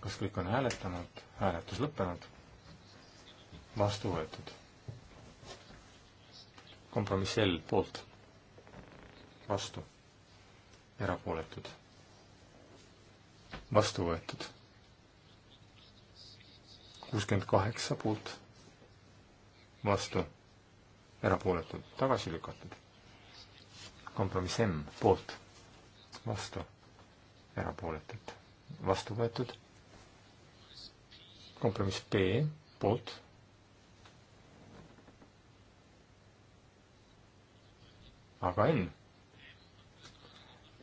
kas kõik on hääletanud, hääletus lõppenud, vastu võetud. kompromiss L poolt, vastu, erapooletud, vastu võetud. kuuskümmend kaheksa poolt, vastu, erapooletud, tagasi lükatud. kompromiss M poolt, vastu, erapooletud, vastu võetud kompromiss B poolt. aga M,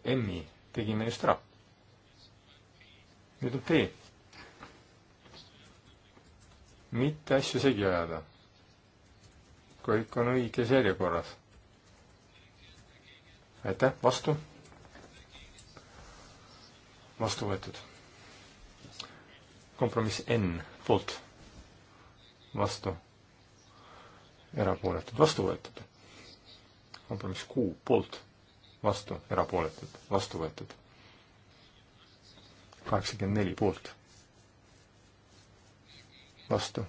M-i tegime just ära. nüüd on P. mitte asju segi ajada. kõik on õiges järjekorras. aitäh, vastu. vastu võetud kompromiss N poolt, vastu, erapooletud, vastu võetud. kompromiss Q poolt, vastu, erapooletud, vastu võetud. kaheksakümmend neli poolt, vastu,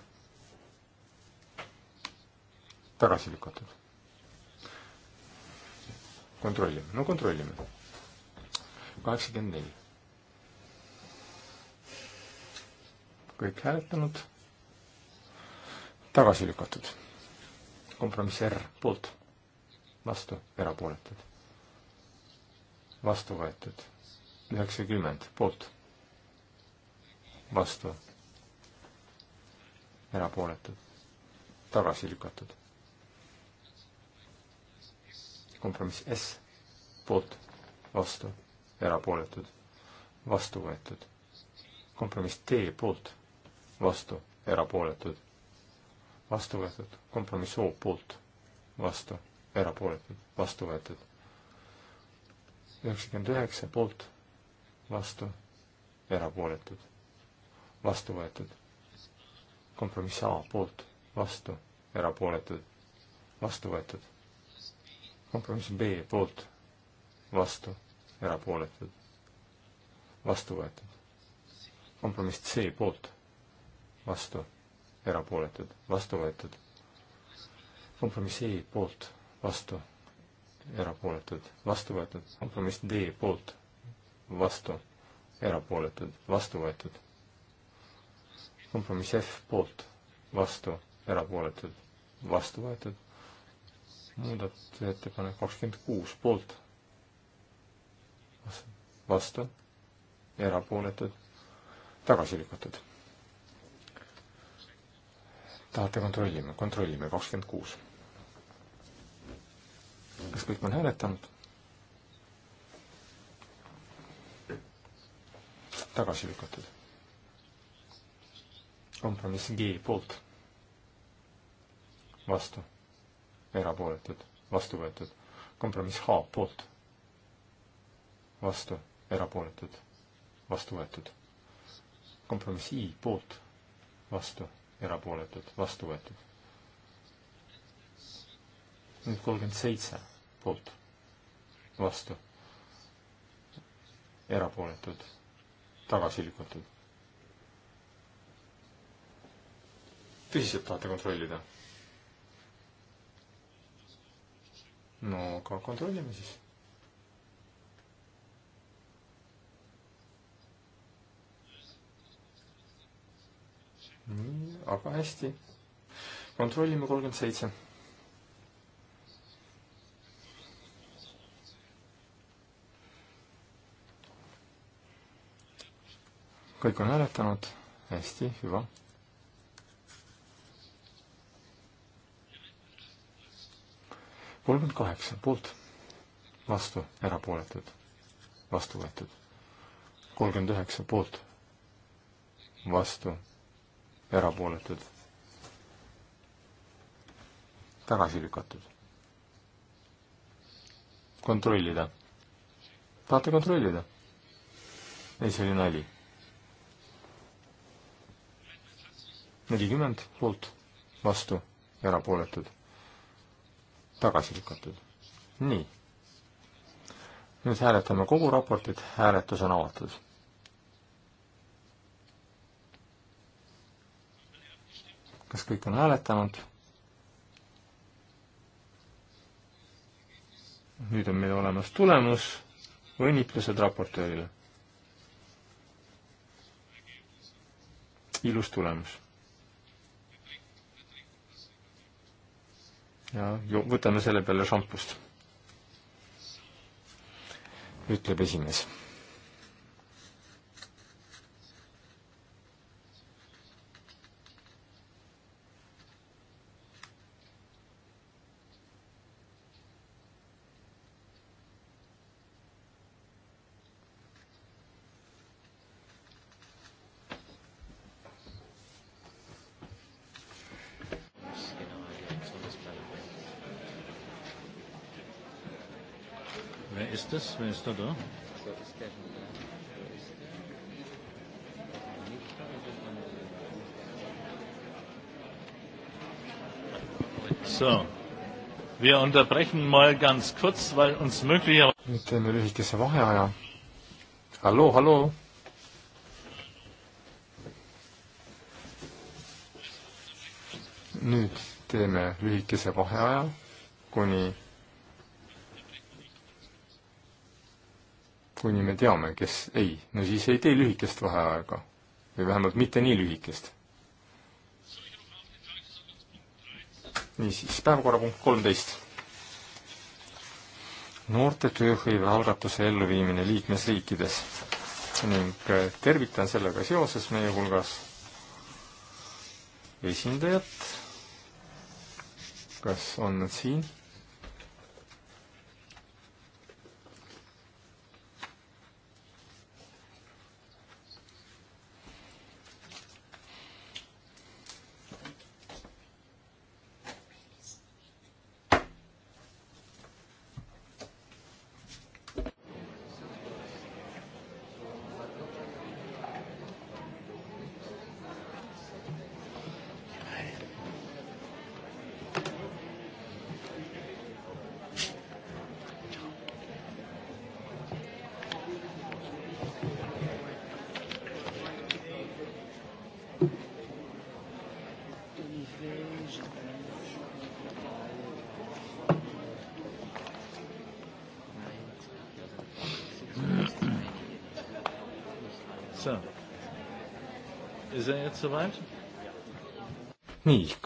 tagasi lükatud. kontrollime, no kontrollime. kaheksakümmend neli kõik hääletanud, tagasi lükatud. kompromiss R poolt, vastu, erapooletud, vastu võetud, üheksakümmend poolt, vastu, erapooletud, tagasi lükatud. kompromiss S poolt, vastu, erapooletud, vastu võetud kompromiss T poolt vastu, erapooletud, vastu võetud, kompromiss O poolt, vastu, erapooletud, vastu võetud. üheksakümmend üheksa poolt, vastu, erapooletud, vastu võetud. kompromiss A poolt, vastu, erapooletud, vastu võetud. kompromiss B poolt, vastu, erapooletud, vastu võetud. kompromiss C poolt vastu, erapooletud, vastu võetud. kompromiss E poolt, vastu, erapooletud, vastu võetud. kompromiss D poolt, vastu, erapooletud, vastu võetud. kompromiss F poolt, vastu, erapooletud, vastu võetud. muudatusettepanek kakskümmend kuus poolt, vastu, erapooletud, tagasi lükatud tahate kontrollima, kontrollime, kakskümmend kuus. kas kõik on hääletanud? tagasi lükatud. kompromiss G poolt, vastu, erapooletud, vastu võetud. kompromiss H poolt, vastu, erapooletud, vastu võetud. kompromiss I poolt, vastu erapooletud, vastu võetud. nüüd kolmkümmend seitse poolt, vastu, erapooletud, tagasi lükatud. tõsiselt tahate kontrollida? no aga kontrollime siis nii, aga hästi. kontrollime kolmkümmend seitse. kõik on hääletanud, hästi, hüva kolmkümmend kaheksa poolt, vastu, erapooletud, vastu võetud. kolmkümmend üheksa poolt, vastu, erapooletud, tagasi lükatud. kontrollida. tahate kontrollida? ei, see oli nali. nelikümmend poolt, vastu, erapooletud, tagasi lükatud. nii. nüüd hääletame kogu raportit, hääletus on avatud kas kõik on hääletanud? nüüd on meil olemas tulemus, õnnitlused raportöörile. ilus tulemus. ja ju-, võtame selle peale šampust, ütleb esimees Wer ist das? Wer ist da da? So, wir unterbrechen mal ganz kurz, weil uns möglicherweise... Nüüd teeme lühikese vaheaja. Hallo, hallo. Nüüd teeme lühikese vaheaja kuni kuni me teame, kes ei, no siis ei tee lühikest vaheaega või vähemalt mitte nii lühikest. niisiis, päevakorrapunkt kolmteist. noorte tööhõive algatuse elluviimine liikmesriikides ning äh, tervitan sellega seoses meie hulgas esindajat. kas on nad siin?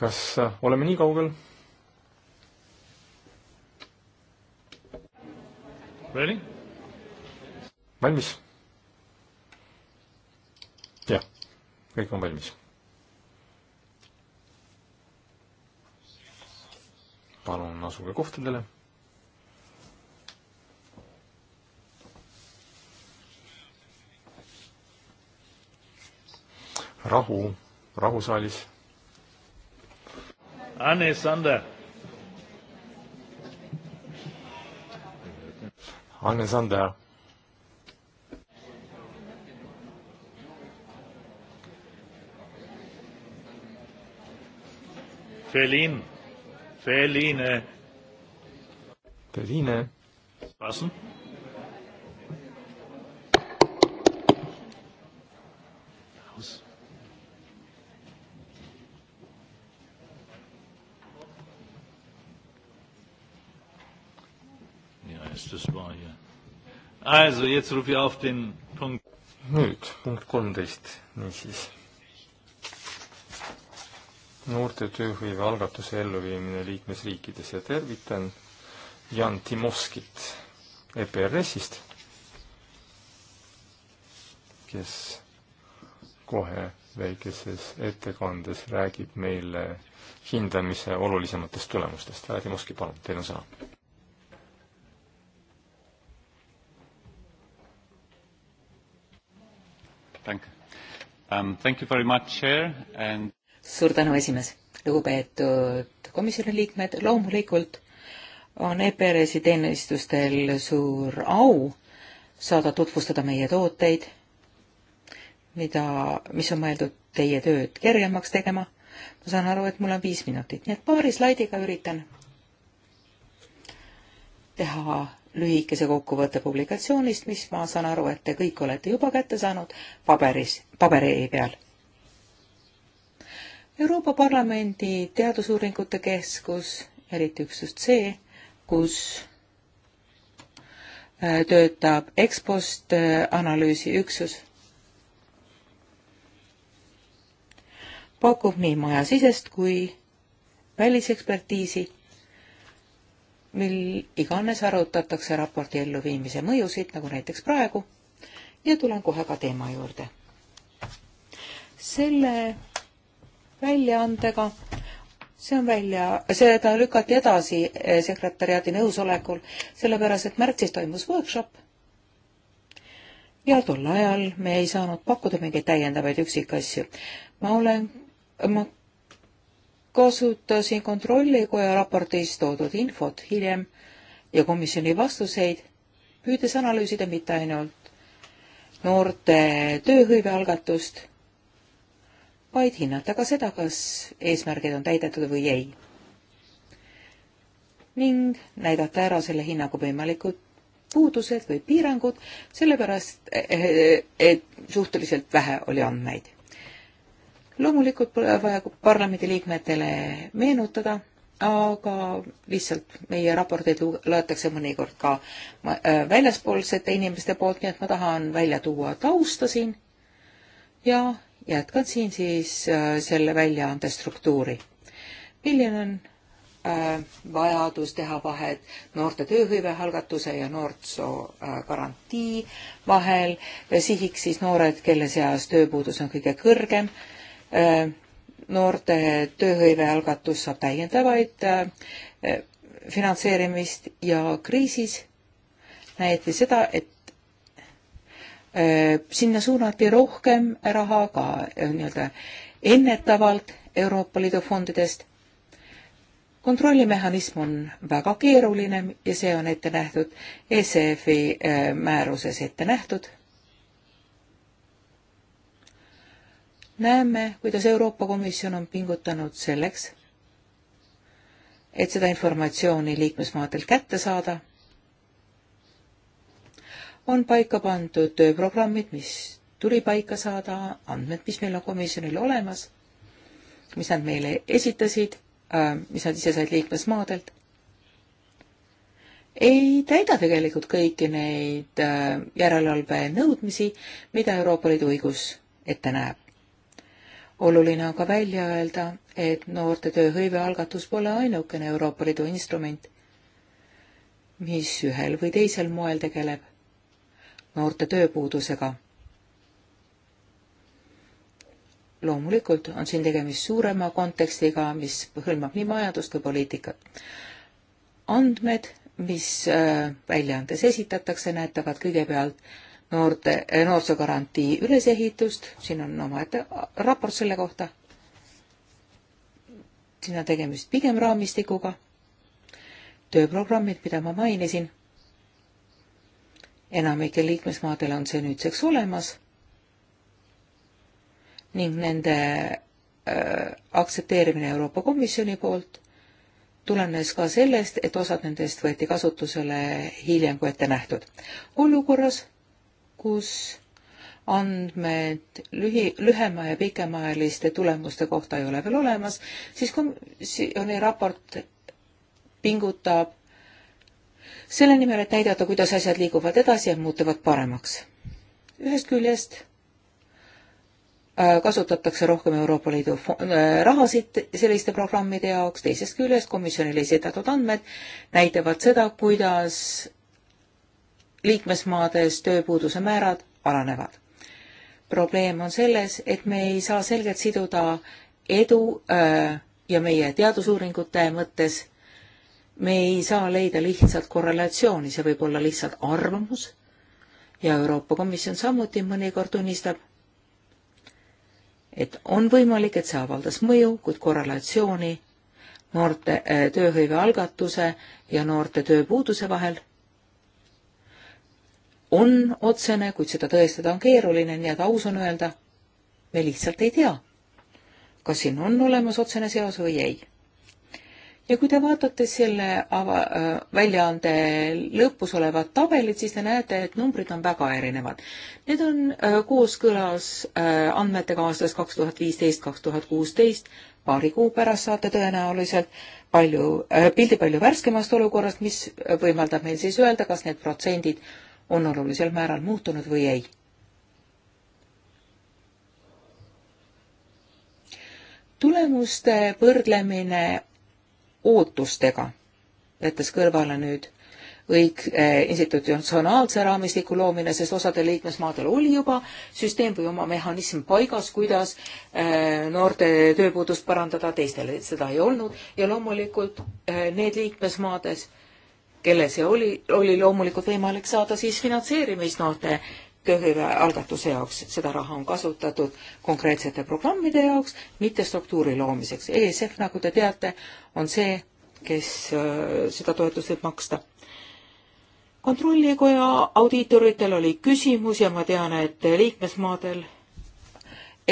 kas äh, oleme nii kaugel? Ready? valmis? jah, kõik on valmis. palun asuge kohtadele. rahu, rahusaalis Anne Sander. Anne Sander. Berlin. Berline. Berline. Passen? nüüd punkt kolmteist, niisiis. noorte tööhõive algatuse elluviimine liikmesriikides ja tervitan Jan Timovskit EPRS-ist, kes kohe väikeses ettekandes räägib meile hindamise olulisematest tulemustest. Väedi Moski, palun, teil on sõna um,. And... suur tänu, esimees. lugupeetud komisjoni liikmed, loomulikult on EPRS-i teenistustel suur au saada tutvustada meie tooteid, mida, mis on mõeldud teie tööd kergemaks tegema. ma saan aru, et mul on viis minutit, nii et paari slaidiga üritan teha lühikese kokkuvõtte publikatsioonist, mis ma saan aru, et te kõik olete juba kätte saanud paberis, paberi peal. Euroopa Parlamendi Teadusuuringute Keskus, eriti üksus C, kus äh, töötab EXPO-st äh, analüüsi üksus, pakub nii majasisest kui välisekspertiisi mil iganes arutatakse raporti elluviimise mõjusid, nagu näiteks praegu, ja tulen kohe ka teema juurde. selle väljaandega, see on välja, seda lükati edasi eh, sekretäriaadi nõusolekul, sellepärast et märtsis toimus workshop ja tol ajal me ei saanud pakkuda mingeid täiendavaid üksikasju. ma olen, ma kasutasin Kontrollikoja raportis toodud infot hiljem ja komisjoni vastuseid, püüdes analüüsida mitte ainult noorte tööhõive algatust, vaid hinnata ka seda, kas eesmärgid on täidetud või ei. ning näidata ära selle hinnangu võimalikud puudused või piirangud, sellepärast eh, eh, eh, et suhteliselt vähe oli andmeid loomulikult pole vaja parlamendiliikmetele meenutada, aga lihtsalt meie raporteid loetakse mõnikord ka äh, väljaspoolsete inimeste poolt, nii et ma tahan välja tuua tausta siin ja jätkan siin siis äh, selle väljaande struktuuri. milline on äh, vajadus teha vahet noorte tööhõivealgatuse ja noortsoo garantii vahel, sihiks siis noored, kelle seas tööpuudus on kõige kõrgem Äh, noorte tööhõivealgatus saab täiendavaid äh, finantseerimist ja kriisis näiti seda, et äh, sinna suunati rohkem raha ka nii-öelda ennetavalt Euroopa Liidu fondidest. kontrollimehhanism on väga keeruline ja see on ette nähtud ECF-i määruses ette nähtud näeme, kuidas Euroopa Komisjon on pingutanud selleks, et seda informatsiooni liikmesmaadelt kätte saada. on paika pandud tööprogrammid, mis tuli paika saada, andmed, mis meil on komisjonil olemas, mis nad meile esitasid, äh, mis nad ise said liikmesmaadelt, ei täida tegelikult kõiki neid äh, järelevalve nõudmisi, mida Euroopa Liidu õigus ette näeb oluline on ka välja öelda, et noorte tööhõive algatus pole ainukene Euroopa Liidu instrument, mis ühel või teisel moel tegeleb noorte tööpuudusega. loomulikult on siin tegemist suurema kontekstiga, mis hõlmab nii majandust kui poliitikat. andmed, mis äh, väljaandes esitatakse, näitavad kõigepealt äh, noorte, eh, noorsoogarantii ülesehitust, siin on omaette raport selle kohta. siin on tegemist pigem raamistikuga, tööprogrammid, mida ma mainisin. enamikel liikmesmaadel on see nüüdseks olemas ning nende äh, aktsepteerimine Euroopa Komisjoni poolt tulenes ka sellest, et osad nendest võeti kasutusele hiljem kui ette nähtud olukorras kus andmed lühi, lühema ja pikemaajaliste tulemuste kohta ei ole veel olemas, siis komisjoni raport pingutab selle nimel, et näidata, kuidas asjad liiguvad edasi ja muutuvad paremaks. ühest küljest äh, kasutatakse rohkem Euroopa Liidu äh, rahasid selliste programmide jaoks, teisest küljest komisjonile esitatud andmed näitavad seda, kuidas liikmesmaades tööpuuduse määrad alanevad. probleem on selles, et me ei saa selgelt siduda edu öö, äh, ja meie teadusuuringute mõttes me ei saa leida lihtsalt korrelatsiooni, see võib olla lihtsalt arvamus ja Euroopa Komisjon samuti mõnikord tunnistab, et on võimalik, et see avaldas mõju, kuid korrelatsiooni noorte äh, tööhõive algatuse ja noorte tööpuuduse vahel on otsene, kuid seda tõestada on keeruline, nii et aus on öelda, me lihtsalt ei tea, kas siin on olemas otsene seos või ei. ja kui te vaatate selle ava- äh,, väljaande lõpus olevat tabelit, siis te näete, et numbrid on väga erinevad. Need on äh, kooskõlas äh, andmetega aastast kaks tuhat viisteist, kaks tuhat kuusteist, paari kuu pärast saate tõenäoliselt palju, äh, pildi palju värskemast olukorrast, mis võimaldab meil siis öelda, kas need protsendid on olulisel määral muutunud või ei. tulemuste võrdlemine ootustega, jättes kõrvale nüüd õig- eh,, institutsionaalse raamistiku loomine, sest osadel liikmesmaadel oli juba süsteem või oma mehhanism paigas, kuidas eh, noorte tööpuudust parandada, teistel seda ei olnud ja loomulikult eh, need liikmesmaades eh,, kelle see oli, oli loomulikult võimalik saada siis finantseerimisnoorte tööhõive algatuse jaoks. seda raha on kasutatud konkreetsete programmide jaoks, mitte struktuuri loomiseks. ESF, nagu te teate, on see, kes äh, seda toetust võib maksta. kontrollikoja audiitoritel oli küsimus ja ma tean, et liikmesmaadel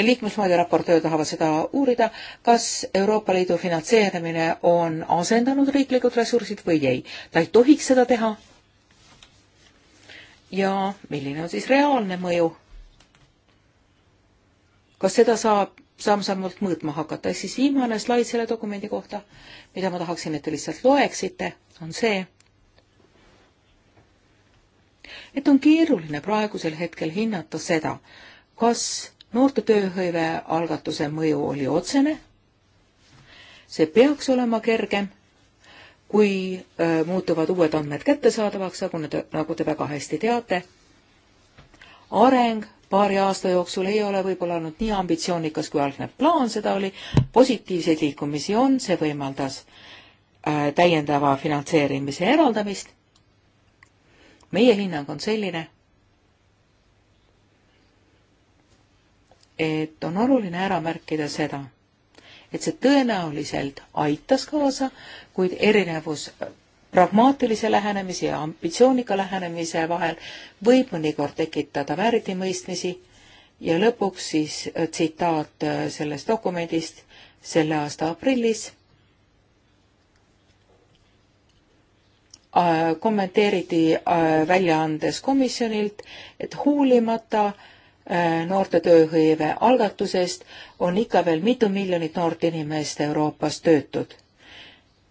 liikmesmaade raportöör tahavad seda uurida, kas Euroopa Liidu finantseerimine on asendanud riiklikud ressursid või ei. ta ei tohiks seda teha. ja milline on siis reaalne mõju? kas seda saab samm-sammult mõõtma hakata, siis viimane slaid selle dokumendi kohta, mida ma tahaksin, et te lihtsalt loeksite, on see, et on keeruline praegusel hetkel hinnata seda, kas noorte tööhõive algatuse mõju oli otsene. see peaks olema kergem, kui äh, muutuvad uued andmed kättesaadavaks, nagu te, nagu te väga hästi teate. areng paari aasta jooksul ei ole võib-olla olnud nii ambitsioonikas, kui algne plaan seda oli. positiivseid liikumisi on, see võimaldas äh, täiendava finantseerimise eraldamist. meie hinnang on selline, et on oluline ära märkida seda, et see tõenäoliselt aitas kaasa, kuid erinevus pragmaatilise lähenemise ja ambitsioonika lähenemise vahel võib mõnikord tekitada väärtimõistmisi ja lõpuks siis äh, tsitaat äh, sellest dokumendist selle aasta aprillis äh, kommenteeriti väljaandes komisjonilt, et hoolimata äh, Äh, noorte tööhõive algatusest on ikka veel mitu miljonit noort inimest Euroopas töötud.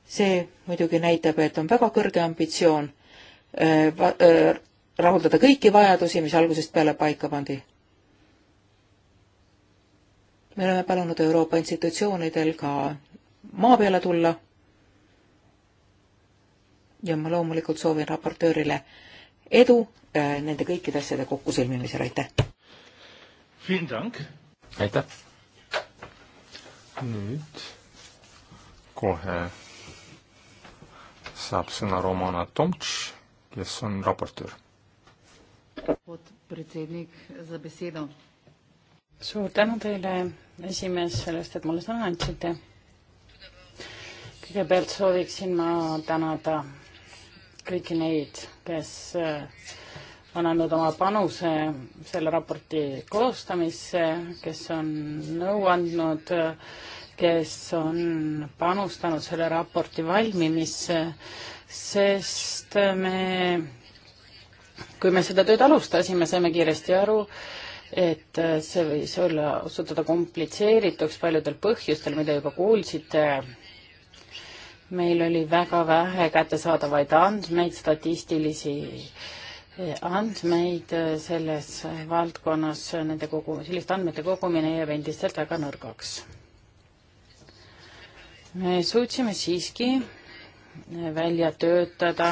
see muidugi näitab, et on väga kõrge ambitsioon äh, äh, rahuldada kõiki vajadusi, mis algusest peale paika pandi. me oleme palunud Euroopa institutsioonidel ka maa peale tulla ja ma loomulikult soovin raportöörile edu nende kõikide asjade kokkusõlmimisel, aitäh! aitäh. nüüd kohe saab sõna Romana Tomč, kes on raportöör. suur tänu teile, esimees, sellest, et mulle sõna andsite. kõigepealt sooviksin ma tänada kõiki neid, kes äh, on andnud oma panuse selle raporti koostamisse, kes on nõu andnud, kes on panustanud selle raporti valmimisse, sest me, kui me seda tööd alustasime, saime kiiresti aru, et see võis olla, osutuda komplitseerituks paljudel põhjustel, mida juba kuulsite. meil oli väga vähe kättesaadavaid andmeid, statistilisi äh, andmeid äh, selles valdkonnas, äh, nende kogu, selliste andmete kogumine jääb endiselt väga nõrgaks. me suutsime siiski äh, välja töötada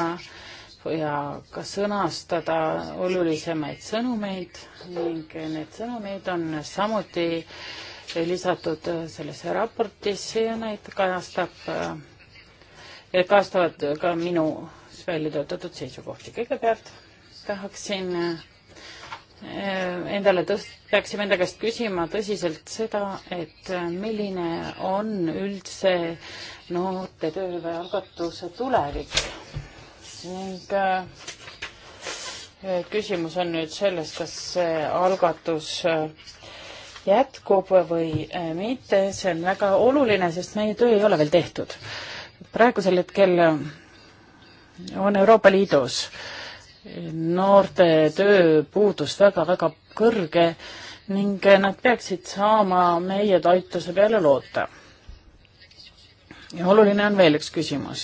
ja ka sõnastada olulisemaid sõnumeid ning need sõnumid on samuti lisatud sellesse raportisse ja neid kajastab, kajastavad ka minu välja töötatud seisukohti. kõigepealt tahaksin eh, endale tõst-, peaksime enda käest küsima tõsiselt seda, et eh, milline on üldse noorte tööhõive algatuse tulevik ning eh, küsimus on nüüd selles, kas see algatus jätkub või mitte, see on väga oluline, sest meie töö ei ole veel tehtud. praegusel hetkel on Euroopa Liidus äh, noorte tööpuudust väga-väga kõrge ning nad peaksid saama meie toitluse peale loota. ja oluline on veel üks küsimus.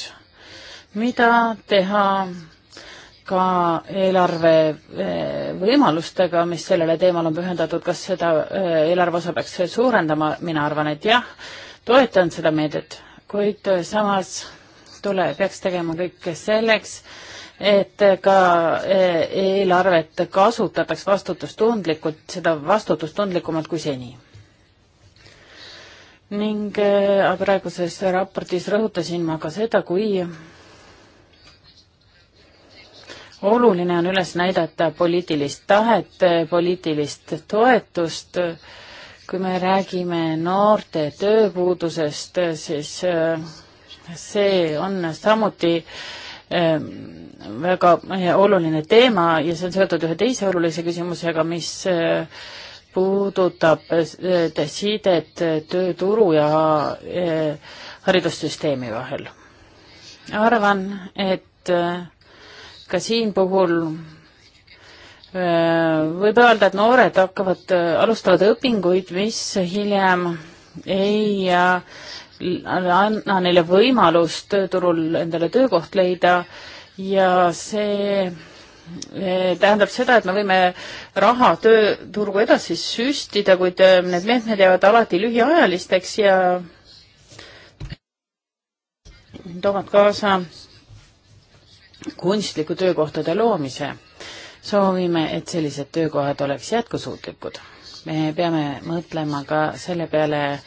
mida teha ka eelarve eh, võimalustega, mis sellele teemale on pühendatud, kas seda eh, eelarve osa peaks suurendama, mina arvan, et jah, toetan seda meedet, kuid samas tule, peaks tegema kõike selleks, et ka eh, eelarvet kasutataks vastutustundlikult, seda vastutustundlikumalt kui seni. ning eh, praeguses raportis rõhutasin ma ka seda, kui oluline on üles näidata poliitilist tahet, poliitilist toetust, kui me räägime noorte tööpuudusest, siis eh, see on samuti väga oluline teema ja see on seotud ühe teise olulise küsimusega, mis äh, puudutab äh, sidet äh, tööturu ja haridussüsteemi vahel. arvan, et ka siin puhul võib öelda, et noored hakkavad, alustavad õpinguid, mis hiljem ei anna neile võimalust tööturul endale töökoht leida ja see eh, tähendab seda, et me võime raha tööturgu edasi süstida, kuid eh, need meetmed jäävad alati lühiajalisteks ja toovad kaasa kunstliku töökohtade loomise. soovime, et sellised töökohad oleks jätkusuutlikud. me peame mõtlema ka selle peale,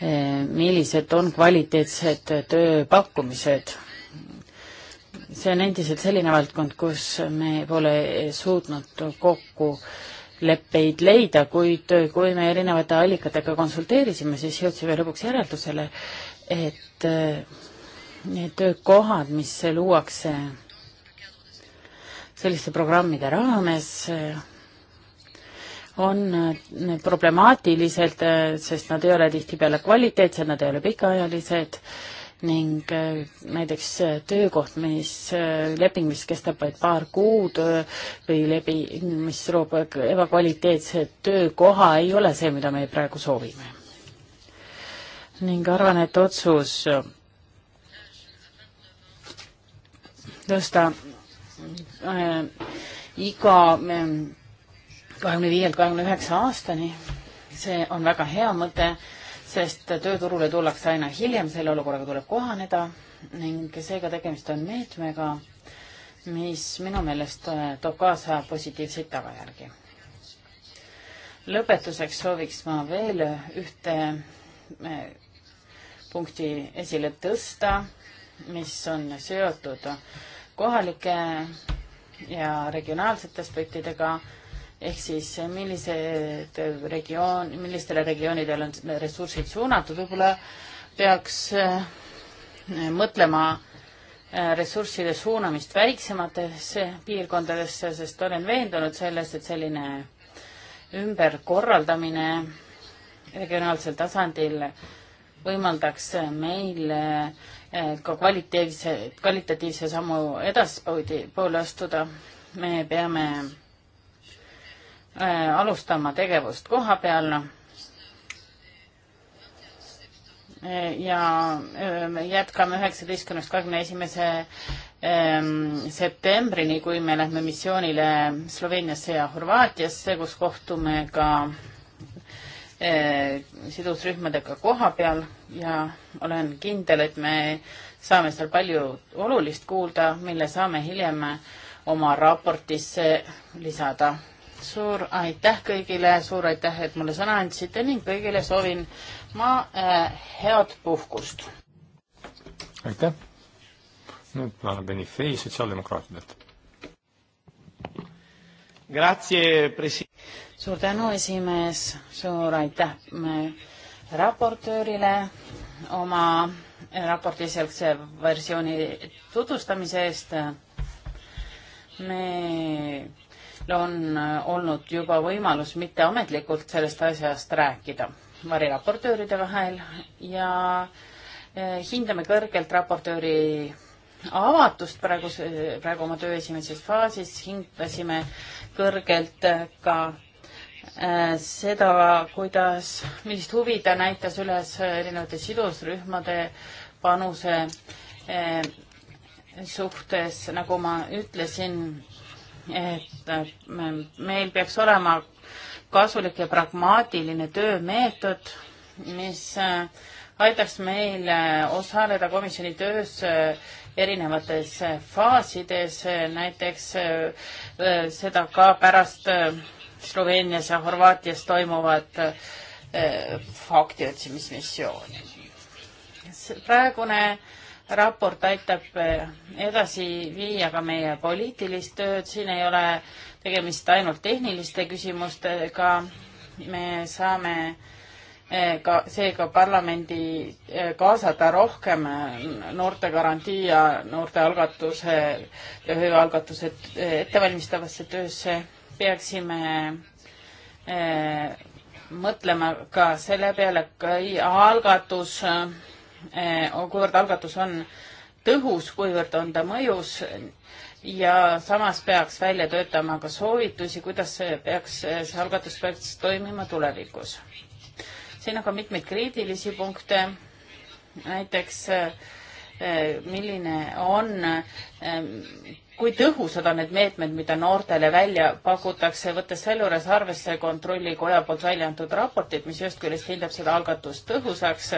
eh, millised on kvaliteetsed tööpakkumised see on endiselt selline valdkond, kus me pole suutnud kokku leppeid leida, kuid kui me erinevate allikatega konsulteerisime, siis jõudsime lõpuks järeldusele, et eh, need töökohad, mis luuakse selliste programmide raames, eh, on eh, problemaatilised, sest nad ei ole tihtipeale kvaliteetsed, nad ei ole pikaajalised ning äh, näiteks äh, töökoht, mis, äh, leping, mis kestab vaid paar kuud või leping, mis loob ebakvaliteetse töökoha, ei ole see, mida me praegu soovime. ning arvan, et otsus tõsta äh, iga kahekümne viielt kahekümne üheksa aastani, see on väga hea mõte äh,, sest tööturule tullakse aina hiljem, selle olukorraga tuleb kohaneda ning seega tegemist on meetmega, mis minu meelest äh, toob kaasa positiivseid tagajärgi. lõpetuseks sooviks ma veel ühte äh, punkti esile tõsta, mis on seotud kohalike ja regionaalsete aspektidega ehk siis eh, millised regioon, millistele regioonidele on ressursid suunatud, võib-olla peaks eh, mõtlema eh, ressursside suunamist väiksematesse piirkondadesse, sest olen veendunud selles, et selline ümberkorraldamine regionaalsel tasandil võimaldaks meil ka kvaliteetse, kvalitatiivse sammu edaspoodi, poole astuda. me peame Äh, alustama tegevust koha peal äh, ja äh, me jätkame üheksateistkümnest kahekümne esimese ähm, septembrini, kui me lähme missioonile Sloveeniasse ja Horvaatiasse, kus kohtume ka sidusrühmadega koha peal ja olen kindel, et me saame seal palju olulist kuulda, mille saame hiljem oma raportisse lisada suur aitäh kõigile, suur aitäh, et mulle sõna andsite ning kõigile soovin ma äh, head puhkust. aitäh. nüüd ma olen Benifei sotsiaaldemokraatidelt. suur tänu, esimees, suur aitäh raportöörile oma raporti sealse versiooni tutvustamise eest. me on äh, olnud juba võimalus mitteametlikult sellest asjast rääkida variraportööride vahel ja äh, hindame kõrgelt raportööri avatust praeguse, praegu oma töö esimeses faasis, hindasime kõrgelt äh, ka seda, kuidas, millist huvi ta näitas üles erinevate sidusrühmade panuse suhtes, nagu ma ütlesin, et meil peaks olema kasulik ja pragmaatiline töömeetod, mis äh, aitaks meil äh, osaleda komisjoni töös äh, erinevates faasides, näiteks seda ka pärast Sloveenias ja Horvaatias toimuvat faktiotsimismissiooni. praegune äh, raport aitab eh, edasi viia ka meie poliitilist tööd, siin ei ole tegemist ainult tehniliste küsimustega, me saame eh, ka seega parlamendi eh, kaasada rohkem noortegarantii ja noortealgatuse, tööalgatuse ettevalmistavasse töösse, peaksime mõtlema ka selle peale, kui algatus Eh, kuivõrd algatus on tõhus, kuivõrd on ta mõjus ja samas peaks välja töötama ka soovitusi, kuidas see peaks, see algatus peaks toimima tulevikus. siin on ka mitmeid kriitilisi punkte, näiteks eh, milline on, eh, kui tõhusad on need meetmed, mida noortele välja pakutakse, võttes sealjuures arvesse Kontrollikoja poolt välja antud raportit, mis just küljest hindab seda algatust tõhusaks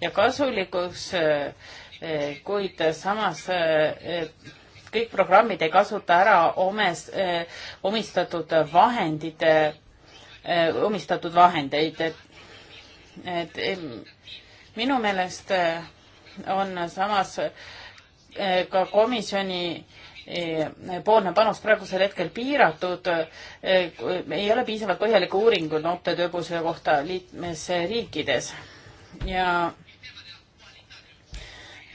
ja kasulikuks, eh, eh, kuid samas eh, kõik programmid ei kasuta ära omes, omistatud vahendite, omistatud vahendeid, et, et minu meelest on samas ka komisjoni poolne panus praegusel hetkel piiratud, ei ole piisavalt põhjalikku uuringut noorte tööpuuduse kohta liikmesriikides ja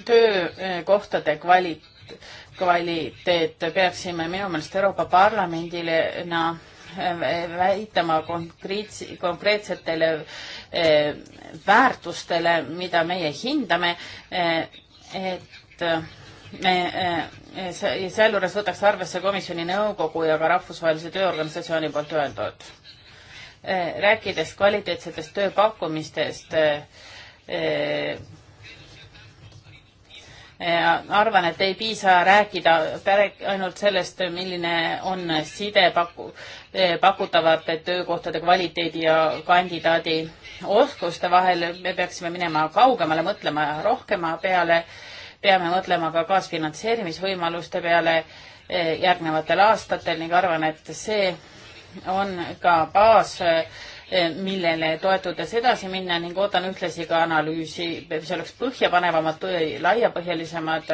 töökohtade kvalit-, kvaliteet, peaksime minu meelest Euroopa Parlamendile na, eh, väitama konkreetsi, konkreetsetele eh, väärtustele, mida meie hindame, eh, et me sealjuures võtaks arvesse komisjoni nõukogu ja ka Rahvusvahelise Tööorganisatsiooni poolt öeldud. rääkides kvaliteetsetest tööpakkumistest, arvan, et ei piisa rääkida ainult sellest, milline on side paku-, pakutavate töökohtade kvaliteedi ja kandidaadi oskuste vahel, me peaksime minema kaugemale, mõtlema rohkema peale, peame mõtlema ka kaasfinantseerimisvõimaluste peale eh, järgnevatel aastatel ning arvan, et see on ka baas äh, Eh, millele toetudes edasi minna ning ootan ühtlasi ka analüüsi, mis oleks põhjapanevamad, laiapõhjalisemad,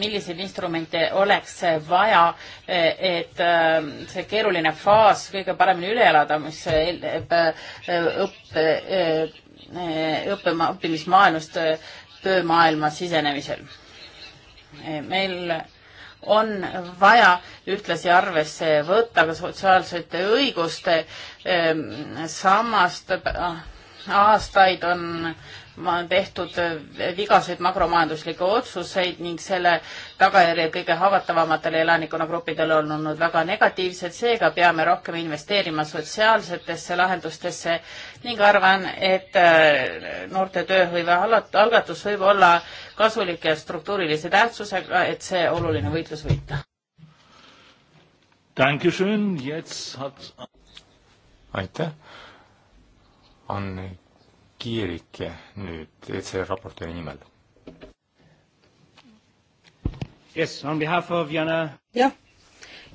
milliseid instrumente oleks vaja, eh, et eh, see keeruline faas kõige paremini üle elada, mis õppe, õppe, õppimismaailmast töömaailma sisenemisel. meil on vaja ühtlasi arvesse võtta ka sotsiaalsete õiguste ehm, sammast ah, aastaid on tehtud äh, vigaseid makromajanduslikke otsuseid ning selle tagajärjel kõige haavatavamatele elanikkonnagruppidele on olnud väga negatiivsed, seega peame rohkem investeerima sotsiaalsetesse lahendustesse ning arvan, et äh, noorte tööhõive algatus võib olla kasulik ja struktuurilise tähtsusega, et see oluline võitlus võita. aitäh on nüüd Kiirike nüüd ECR raportööri nimel. Yes, on behalf of Jana. jah,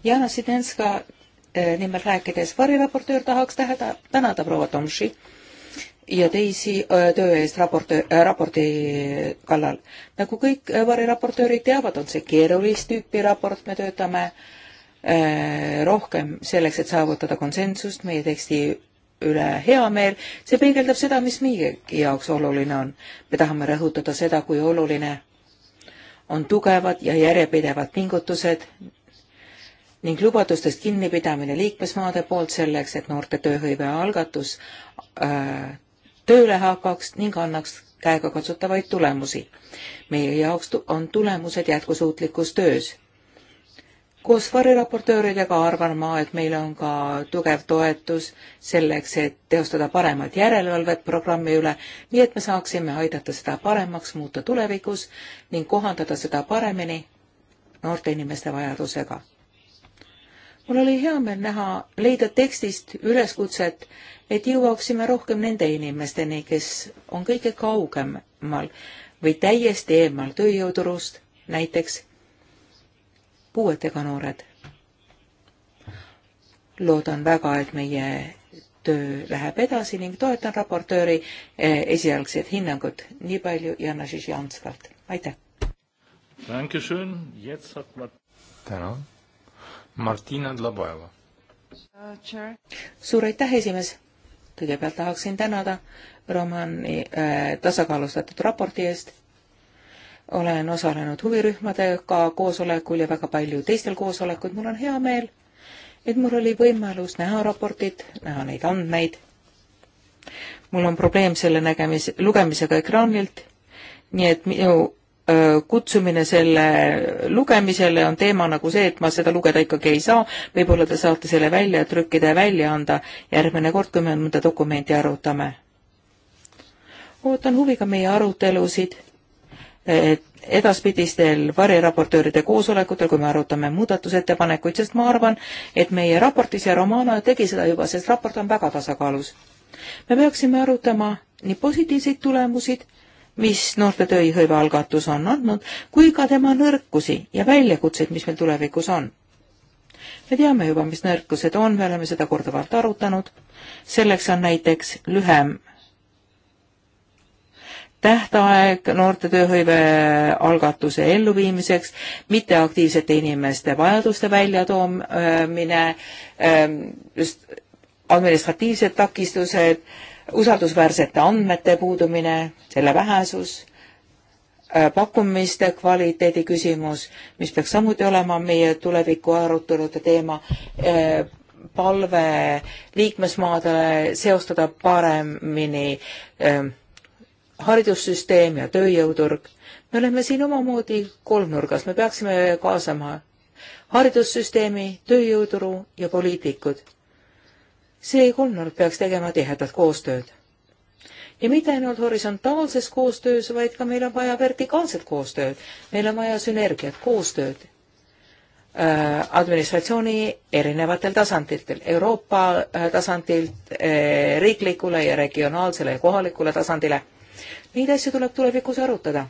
Jana Sidenska eh, nimel rääkides variraportöör tahaks täheda, tänada proua Tomši ja teisi eh, töö eest raporti, eh, raporti kallal. nagu kõik variraportöörid teavad, on see keerulist tüüpi raport, me töötame rohkem selleks, et saavutada konsensust meie teksti üle hea meel, see peegeldab seda, mis meie jaoks oluline on. me tahame rõhutada seda, kui oluline on tugevad ja järjepidevad pingutused ning lubadustest kinnipidamine liikmesmaade poolt selleks, et noorte tööhõive algatus äh, tööle hakkaks ning annaks käegakatsutavaid tulemusi. meie jaoks on tulemused jätkusuutlikus töös koos variraportööridega arvan ma, et meil on ka tugev toetus selleks, et teostada paremat järelevalvet programmi üle, nii et me saaksime aidata seda paremaks muuta tulevikus ning kohandada seda paremini noorte inimeste vajadusega. mul oli hea meel näha, leida tekstist üleskutset, et jõuaksime rohkem nende inimesteni, kes on kõige kaugemal või täiesti eemal tööjõuturust, näiteks puuetega noored. loodan väga, et meie töö läheb edasi ning toetan raportööri eh, esialgset hinnangut. nii palju Jana Žižanskalt, aitäh! tänan, Martina Dlabajeva. suur aitäh, esimees! kõigepealt tahaksin tänada Romani äh, tasakaalustatud raporti eest olen osalenud huvirühmadega koosolekul ja väga palju teistel koosolekuid, mul on hea meel, et mul oli võimalus näha raportit, näha neid andmeid. mul on probleem selle nägemis, lugemisega ekraanilt, nii et minu öö, kutsumine selle lugemisele on teema nagu see, et ma seda lugeda ikkagi ei saa, võib-olla te saate selle välja trükkida ja välja anda järgmine kord, kui me mõnda dokumenti arutame. ootan huviga meie arutelusid edaspidistel variraportööride koosolekutel, kui me arutame muudatusettepanekuid, sest ma arvan, et meie raportis ja Romano tegi seda juba, sest raport on väga tasakaalus. me peaksime arutama nii positiivseid tulemusid, mis noorte tööhõive algatus on andnud, kui ka tema nõrkusi ja väljakutseid, mis meil tulevikus on me teame juba, mis nõrkused on, me oleme seda korduvalt arutanud. selleks on näiteks lühem tähtaeg noorte tööhõive algatuse elluviimiseks, mitteaktiivsete inimeste vajaduste väljatoomine, äh, ähm, just administratiivsed takistused, usaldusväärsete andmete puudumine, selle vähesus, äh, pakkumiste kvaliteedi küsimus, mis peaks samuti olema meie tuleviku arutelude teema, äh, palve liikmesmaadele seostada paremini ähm, haridussüsteem ja tööjõuturg. me oleme siin omamoodi kolmnurgas, me peaksime kaasama haridussüsteemi, tööjõuturu ja poliitikud. see kolmnurk peaks tegema tihedat koostööd. ja mitte ainult horisontaalses koostöös, vaid ka meil on vaja vertikaalset koostööd, meil on vaja sünergiat, koostööd äh, administratsiooni erinevatel tasanditel, Euroopa äh, tasandilt äh, riiklikule ja regionaalsele ja kohalikule tasandile Neid asju tuleb tulevikus arutada.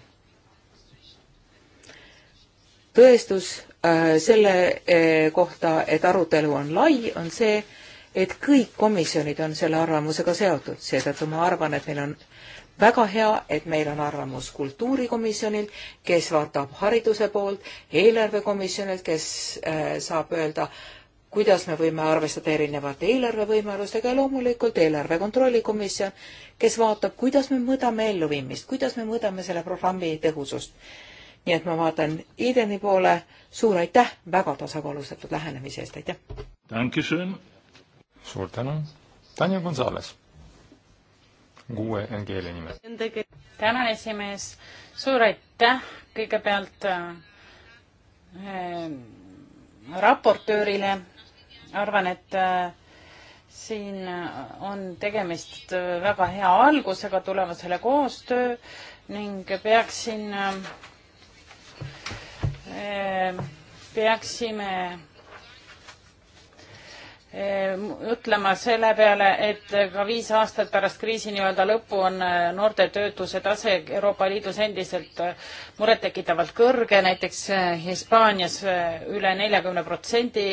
tõestus äh, selle äh, kohta, et arutelu on lai, on see, et kõik komisjonid on selle arvamusega seotud, seetõttu ma arvan, et meil on väga hea, et meil on arvamus kultuurikomisjonilt, kes vaatab hariduse poolt, eelarvekomisjonilt, kes äh, saab öelda äh, kuidas me võime arvestada erinevate eelarvevõimalustega ja loomulikult eelarve kontrollikomisjon, kes vaatab, kuidas me mõõdame elluviimist, kuidas me mõõdame selle programmi tõhusust. nii et ma vaatan Ideni poole, suur aitäh väga tasakaalustatud lähenemise eest, aitäh! suur tänu, Tanja Gonzales, kuue NGL-i nimel. tänan, esimees, suur aitäh kõigepealt äh, raportöörile arvan, et äh, siin on tegemist äh, väga hea algusega tulevasele koostöö ning peaksin, äh, peaksime mõtlema selle peale, et ka viis aastat pärast kriisi nii-öelda lõppu on noorte töötuse tase Euroopa Liidus endiselt murettekitavalt kõrge, näiteks Hispaanias üle neljakümne protsendi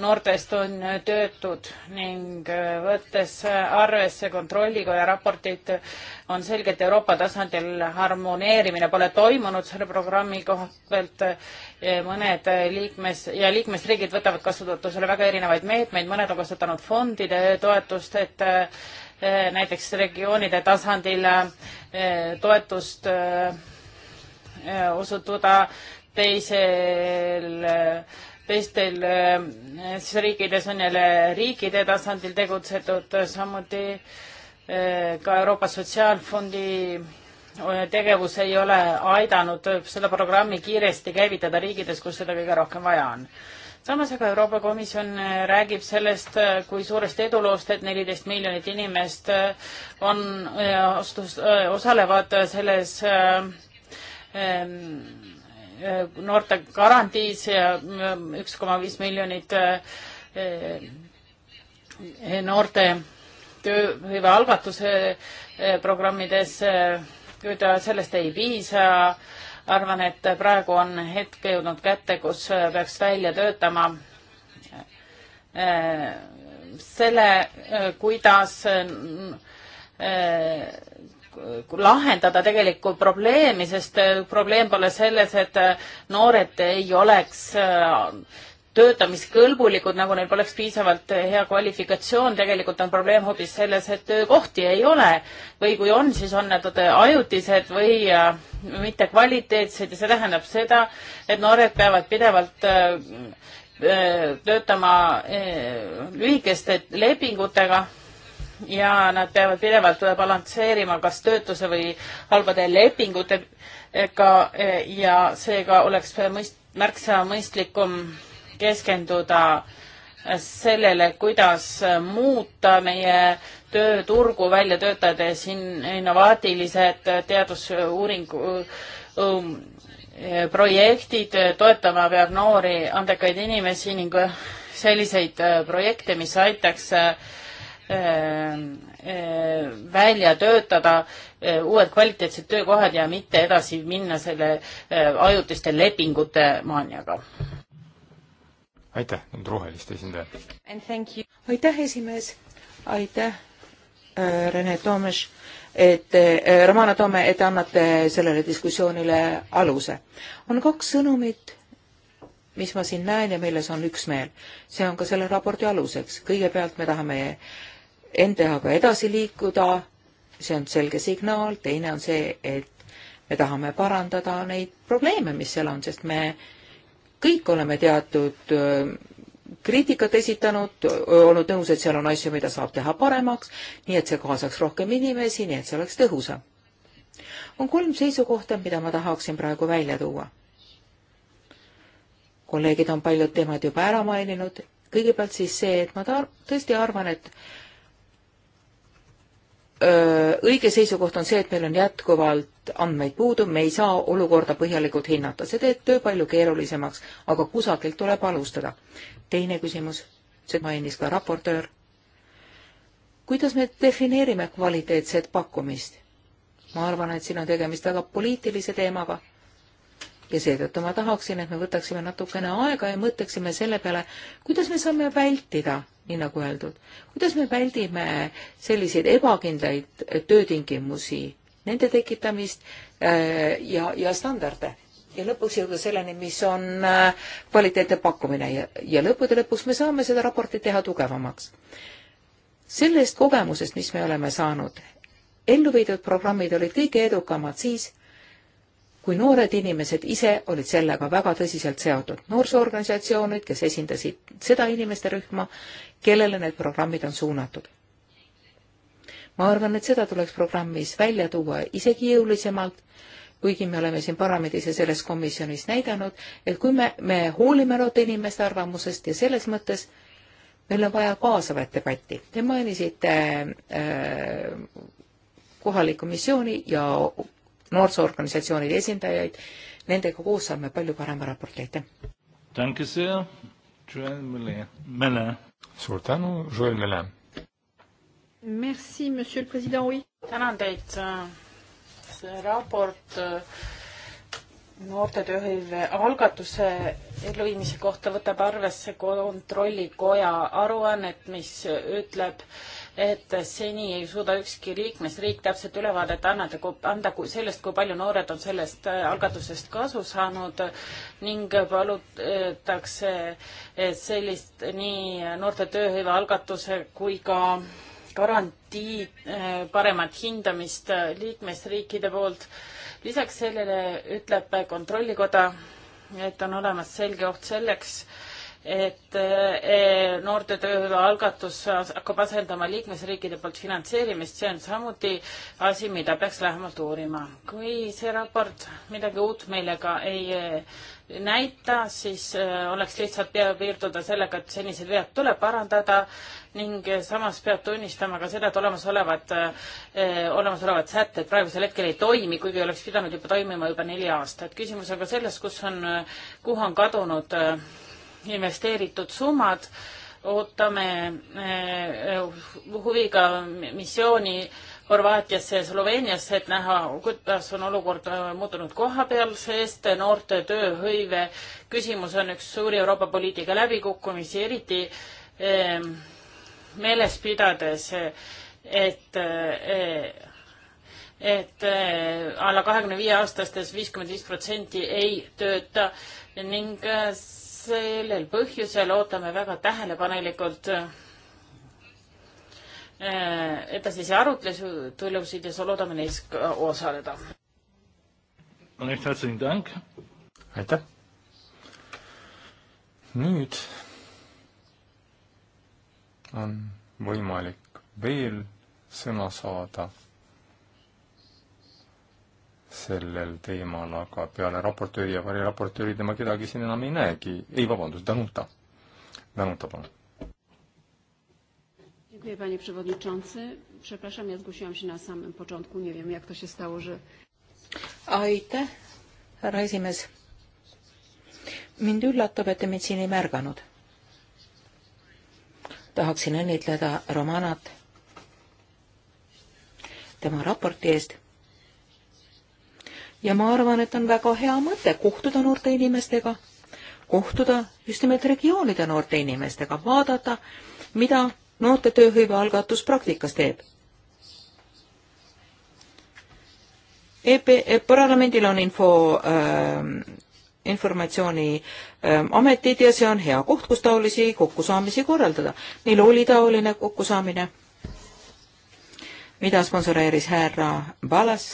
noortest on töötud ning äh, võttes arvesse Kontrollikoja raportit, on selge, et Euroopa tasandil harmoneerimine pole toimunud selle programmi koha pealt. mõned liikmes ja liikmesriigid võtavad kasutusele väga erinevaid meetmeid, mõned on kasutanud fondide toetust, et äh, näiteks regioonide tasandil äh, toetust osutuda teisel teistel eh, siis riikides on jälle riikide tasandil tegutsetud, samuti eh, ka Euroopa Sotsiaalfondi eh, tegevus ei ole aidanud seda programmi kiiresti käivitada riikides, kus seda kõige rohkem vaja on. samas aga Euroopa Komisjon räägib sellest kui suurest eduloost, et neliteist miljonit inimest on, osalevad selles ähm, Äh, noorte garantiis ja äh, üks koma viis miljonit äh, noorte tööhõive algatuse programmides, kuid sellest ei piisa. arvan, et praegu on hetk jõudnud kätte, kus peaks välja töötama selle, kuidas lahendada tegelikku probleemi, sest äh, probleem pole selles, et äh, noored ei oleks äh, töötamiskõlbulikud, nagu neil poleks piisavalt hea kvalifikatsioon, tegelikult on probleem hoopis selles, et töökohti ei ole või kui on, siis on need ajutised või mitte kvaliteetsed ja see tähendab seda, et noored peavad pidevalt töötama lühikeste lepingutega ja nad peavad pidevalt balansseerima kas töötuse või halbade lepingutega ja seega oleks mõist-, märksa mõistlikum keskenduda sellele, kuidas muuta meie tööturgu välja töötades innovaatilised teadusuuringu um, projektid, toetama peab noori andekaid inimesi ning selliseid projekte, mis aitaks Äh, äh, välja töötada äh, uued kvaliteetsed töökohad ja mitte edasi minna selle ajutiste lepingute maaniaga. aitäh, nüüd roheliste esindaja. aitäh, esimees. aitäh, Rene Toomes, et, Romana Toome, et annate sellele diskussioonile aluse. on kaks sõnumit mis ma siin näen ja milles on üksmeel. see on ka selle raporti aluseks. kõigepealt me tahame NPH-ga edasi liikuda, see on selge signaal, teine on see, et me tahame parandada neid probleeme, mis seal on, sest me kõik oleme teatud äh, kriitikat esitanud, olnud nõus, et seal on asju, mida saab teha paremaks, nii et see kaasaks rohkem inimesi, nii et see oleks tõhusam. on kolm seisukohta, mida ma tahaksin praegu välja tuua. kolleegid on paljud teemad juba ära maininud, kõigepealt siis see, et ma ta-, tõesti arvan, et õige seisukoht on see, et meil on jätkuvalt andmeid puudu, me ei saa olukorda põhjalikult hinnata, see teeb töö palju keerulisemaks, aga kusagilt tuleb alustada. teine küsimus, seda mainis ka raportöör. kuidas me defineerime kvaliteetset pakkumist? ma arvan, et siin on tegemist väga poliitilise teemaga ja seetõttu ma tahaksin, et me võtaksime natukene aega ja mõtleksime selle peale, kuidas me saame vältida nii nagu öeldud. kuidas me väldime selliseid ebakindlaid töötingimusi, nende tekitamist äh, ja, ja standarde? ja lõpuks jõuda selleni, mis on äh, kvaliteetne pakkumine ja, ja lõppude lõpuks me saame seda raportit teha tugevamaks. sellest kogemusest, mis me oleme saanud, elluviidud programmid olid kõige edukamad siis, kui noored inimesed ise olid sellega väga tõsiselt seotud. noorsoorganisatsioonid, kes esindasid seda inimeste rühma, kellele need programmid on suunatud. ma arvan, et seda tuleks programmis välja tuua isegi jõulisemalt, kuigi me oleme siin parlamendis ja selles komisjonis näidanud, et kui me, me hoolime noorte inimeste arvamusest ja selles mõttes meil on vaja kaasavat debatti. Te mainisite äh, kohalikku missiooni ja noorsoorganisatsioonide esindajaid, nendega koos saame palju parema raporti, aitäh! suur tänu, Joel Mele! Merci, monsieur le president, oui! tänan teid, äh, see raport äh, noorte tööhõive algatuse elluviimise kohta võtab arvesse kontrollikoja aruannet, mis ütleb, et seni ei suuda ükski liikmesriik täpset ülevaadet annada, anda sellest, kui palju noored on sellest äh, algatusest kasu saanud ning palutakse sellist nii noorte tööhõive algatuse kui ka garantii äh, paremat hindamist äh, liikmesriikide poolt. lisaks sellele ütleb Kontrollikoda, et on olemas selge oht selleks, et eh, noorte tööhõive algatus hakkab asendama liikmesriikide poolt finantseerimist, see on samuti asi, mida peaks lähemalt uurima. kui see raport midagi uut meile ka ei eh, näita, siis eh, oleks lihtsalt piirduda sellega, et senised vead tuleb parandada ning samas peab tunnistama ka seda, et olemasolevad, olemasolevad sätted praegusel hetkel ei toimi, kuigi oleks pidanud juba toimima juba neli aastat. küsimus on ka selles, kus on, kuhu on kadunud investeeritud summad. ootame eh, huviga missiooni Horvaatiasse ja Sloveeniasse, et näha, kuidas on olukord eh, muutunud kohapeal, sest noorte tööhõive küsimus on üks suuri Euroopa poliitika läbikukkumisi, eriti eh, meeles pidades, et et alla kahekümne viie aastastes viiskümmend viis protsenti ei tööta ning sellel põhjusel ootame väga tähelepanelikult äh, edasisi arutlusid ja loodame neis osaleda. aitäh. nüüd on võimalik veel sõna saada sellel teemal, aga peale raportööri ja variraportööride ma kedagi siin enam ei näegi. ei, vabandust, Danuta. Danuta, palun. Dziękuję panie przewodniczący. Przepraszam, ja zgłosiłam się na samym początku. Nie wiem, jak to się stało, że... Aitäh, härra esimees. Mind üllatab, et te mind siin ei märganud. Tahaksin õnnitleda Romanat tema raporti eest ja ma arvan, et on väga hea mõte kohtuda noorte inimestega, kohtuda just nimelt regioonide noorte inimestega, vaadata, mida noorte tööhõive algatus praktikas teeb. EP, e, parlamendil on info äh,, informatsiooni äh, ametid ja see on hea koht, kus taolisi kokkusaamisi korraldada. meil oli taoline kokkusaamine, mida sponsoreeris härra Palas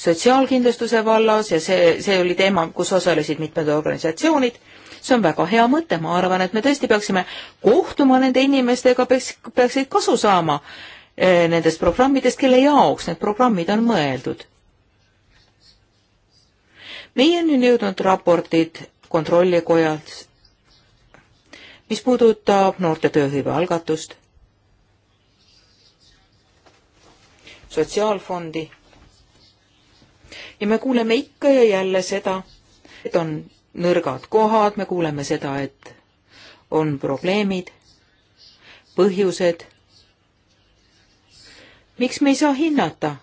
sotsiaalkindlustuse vallas ja see, see oli teema, kus osalesid mitmed organisatsioonid. see on väga hea mõte, ma arvan, et me tõesti peaksime kohtuma nende inimestega, peaks, peaksid kasu saama eh, nendest programmidest, kelle jaoks need programmid on mõeldud. meieni on jõudnud raportid kontrollikojalt, mis puudutab noorte tööhõive algatust, sotsiaalfondi ja me kuuleme ikka ja jälle seda, et on nõrgad kohad, me kuuleme seda, et on probleemid, põhjused. miks me ei saa hinnata?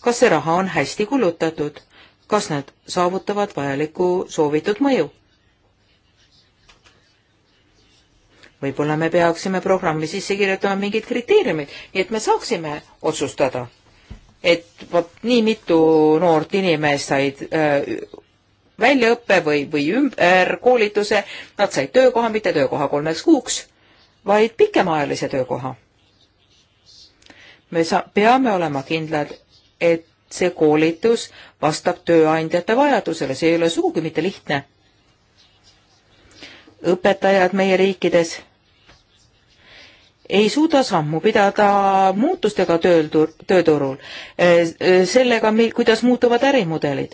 kas see raha on hästi kulutatud, kas nad saavutavad vajalikku soovitud mõju? võib-olla me peaksime programmi sisse kirjutama mingid kriteeriumid, nii et me saaksime otsustada et vot nii mitu noort inimest said äh, väljaõppe või, või ümberkoolituse, nad said töökoha, mitte töökoha kolmeks kuuks, vaid pikemaajalise töökoha. me saa-, peame olema kindlad, et see koolitus vastab tööandjate vajadusele, see ei ole sugugi mitte lihtne. õpetajad meie riikides ei suuda sammu pidada muutustega töötur-, tööturul, eh, eh, sellega, mil-, kuidas muutuvad ärimudelid.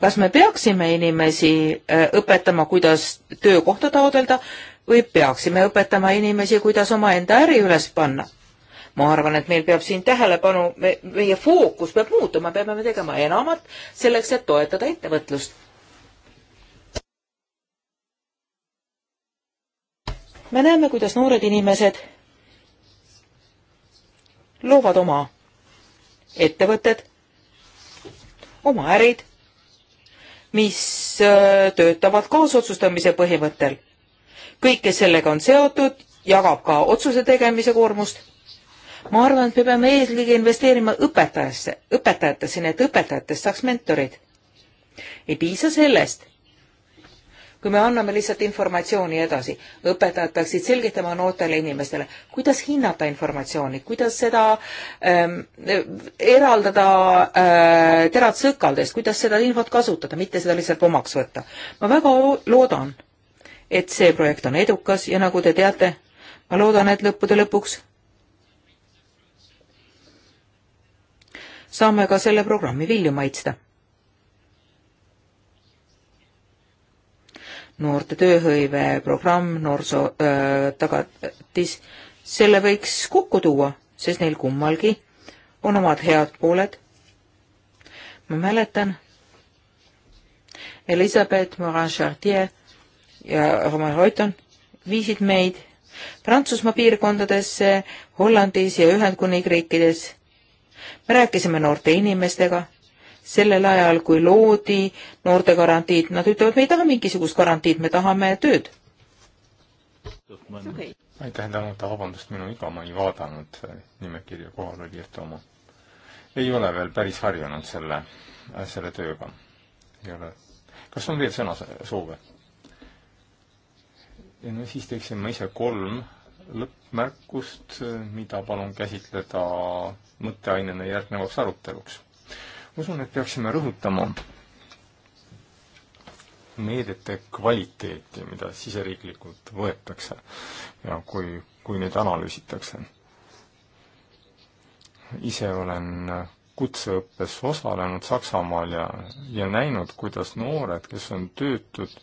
kas me peaksime inimesi eh, õpetama, kuidas töökohta taodelda või peaksime õpetama inimesi, kuidas omaenda äri üles panna? ma arvan, et meil peab siin tähelepanu, meie fookus peab muutuma, peame tegema enamat selleks, et toetada ettevõtlust me näeme, kuidas noored inimesed loovad oma ettevõtted, oma ärid, mis äh, töötavad kaasotsustamise põhimõttel. kõik, kes sellega on seotud, jagab ka otsuse tegemise koormust. ma arvan, et me peame eelkõige investeerima õpetajasse, õpetajatesse, nii et õpetajatest saaks mentorid. ei piisa sellest, kui me anname lihtsalt informatsiooni edasi. õpetajad peaksid selgitama noortele inimestele, kuidas hinnata informatsiooni, kuidas seda ähm, eraldada äh, terad sõkaldest, kuidas seda infot kasutada, mitte seda lihtsalt omaks võtta. ma väga loodan, et see projekt on edukas ja nagu te teate, ma loodan, et lõppude lõpuks saame ka selle programmi vilju maitsta noorte tööhõive programm, noorsoo äh, tagatis, selle võiks kokku tuua, sest neil kummalgi on omad head pooled. ma mäletan, Elizabeth Morin-Chartier ja Roman Reuton viisid meid Prantsusmaa piirkondadesse, Hollandis ja Ühendkuningriikides. me rääkisime noorte inimestega sellel ajal, kui loodi noortegarantiid, nad ütlevad, me ei taha mingisugust garantiid, me tahame tööd. aitäh, tähendab, vabandust, minu iga, ma ei vaadanud äh, nimekirja kohalolijate oma. ei ole veel päris harjunud selle, äh, selle tööga. ei ole. kas on veel sõnasoove? ja no siis teeksin ma ise kolm lõppmärkust, äh, mida palun käsitleda mõtteainena järgnevaks aruteluks usun, et peaksime rõhutama meedete kvaliteeti, mida siseriiklikult võetakse ja kui, kui neid analüüsitakse. ise olen kutseõppes osalenud Saksamaal ja, ja näinud, kuidas noored, kes on töötud,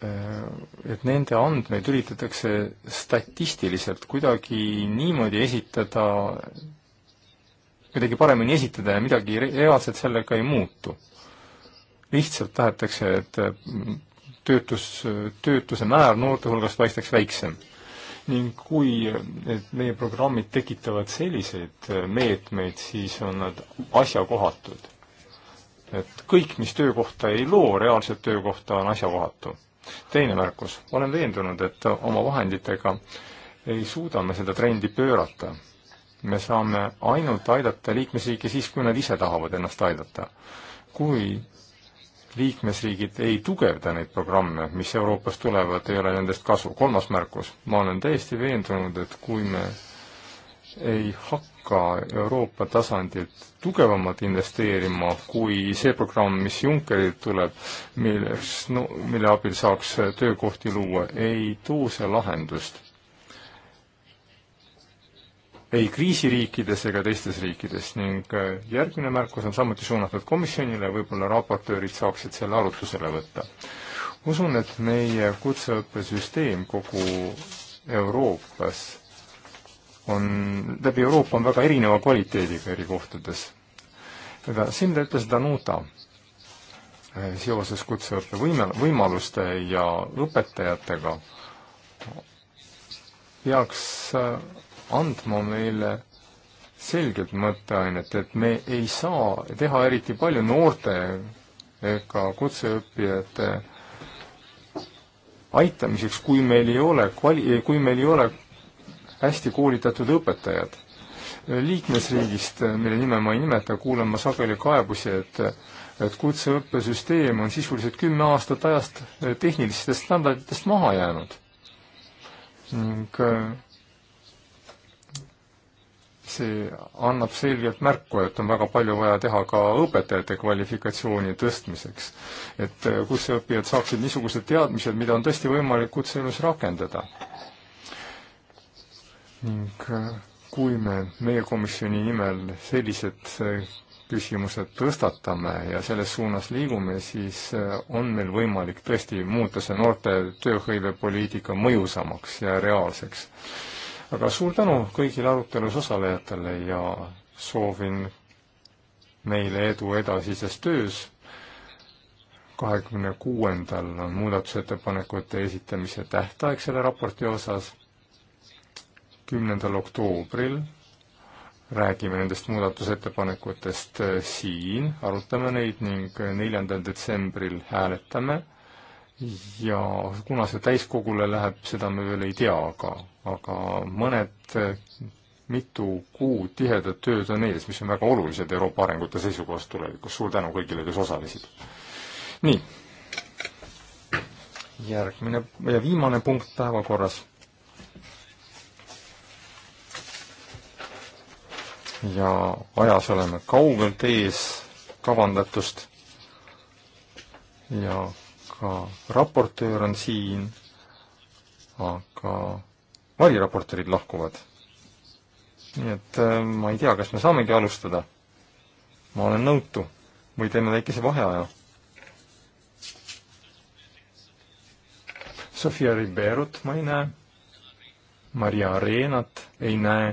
eh, et nende andmeid üritatakse statistiliselt kuidagi niimoodi esitada, kuidagi paremini esitada ja midagi reaalselt sellega ei muutu. lihtsalt tahetakse, et mm, töötus, töötuse määr noorte hulgas paistaks väiksem. ning kui meie programmid tekitavad selliseid äh, meetmeid, siis on nad asjakohatud. et kõik, mis töökohta ei loo, reaalset töökohta, on asjakohatu. teine märkus, olen veendunud, et oma vahenditega ei suuda me seda trendi pöörata me saame ainult aidata liikmesriike siis, kui nad ise tahavad ennast aidata. kui liikmesriigid ei tugevda neid programme, mis Euroopast tulevad, ei ole nendest kasu. kolmas märkus, ma olen täiesti veendunud, et kui me ei hakka Euroopa tasandilt tugevamalt investeerima kui see programm, mis Junckerilt tuleb, milleks no,, mille abil saaks töökohti luua, ei too see lahendust ei kriisiriikides ega teistes riikides ning äh, järgmine märkus on samuti suunatud komisjonile, võib-olla raportöörid saaksid selle arutlusele võtta. usun, et meie kutseõppesüsteem kogu Euroopas on, läbi Euroopa on väga erineva kvaliteediga eri kohtades. siin ta ütles Danuta äh, seoses kutseõppe võime, võimaluste ja õpetajatega peaks äh, andma meile selgelt mõtteainet, et me ei saa teha eriti palju noorte ega kutseõppijate aitamiseks, kui meil ei ole kvali-, kui meil ei ole hästi koolitatud õpetajad. liikmesriigist, mille nime ma ei nimeta, kuulen ma sageli kaebusi, et et kutseõppesüsteem on sisuliselt kümme aastat ajast tehnilistest standarditest maha jäänud ning see annab selgelt märku, et on väga palju vaja teha ka õpetajate kvalifikatsiooni tõstmiseks. et äh, kutseõppijad saaksid niisugused teadmised, mida on tõesti võimalik kutseelus rakendada. ning äh, kui me meie komisjoni nimel sellised äh, küsimused tõstatame ja selles suunas liigume, siis on meil võimalik tõesti muuta see noorte tööhõivepoliitika mõjusamaks ja reaalseks aga suur tänu kõigile arutelus osalejatele ja soovin meile edu edasises töös. kahekümne kuuendal on muudatusettepanekute esitamise tähtaeg selle raporti osas. kümnendal oktoobril räägime nendest muudatusettepanekutest äh, siin, arutame neid ning äh, neljandal detsembril hääletame ja kuna see täiskogule läheb, seda me veel ei tea, aga, aga mõned mitu kuud tihedat tööd on ees, mis on väga olulised Euroopa arengute seisukohast tulevikus. suur tänu kõigile, kes osalesid. nii. järgmine ja viimane punkt päevakorras. ja ajas oleme kaugelt ees kavandatust ja ka raportöör on siin, aga variraportöörid lahkuvad. nii et äh, ma ei tea, kas me saamegi alustada. ma olen nõutu või teeme väikese vaheaja. Sofia Riberot ma ei näe, Maria Areenat ei näe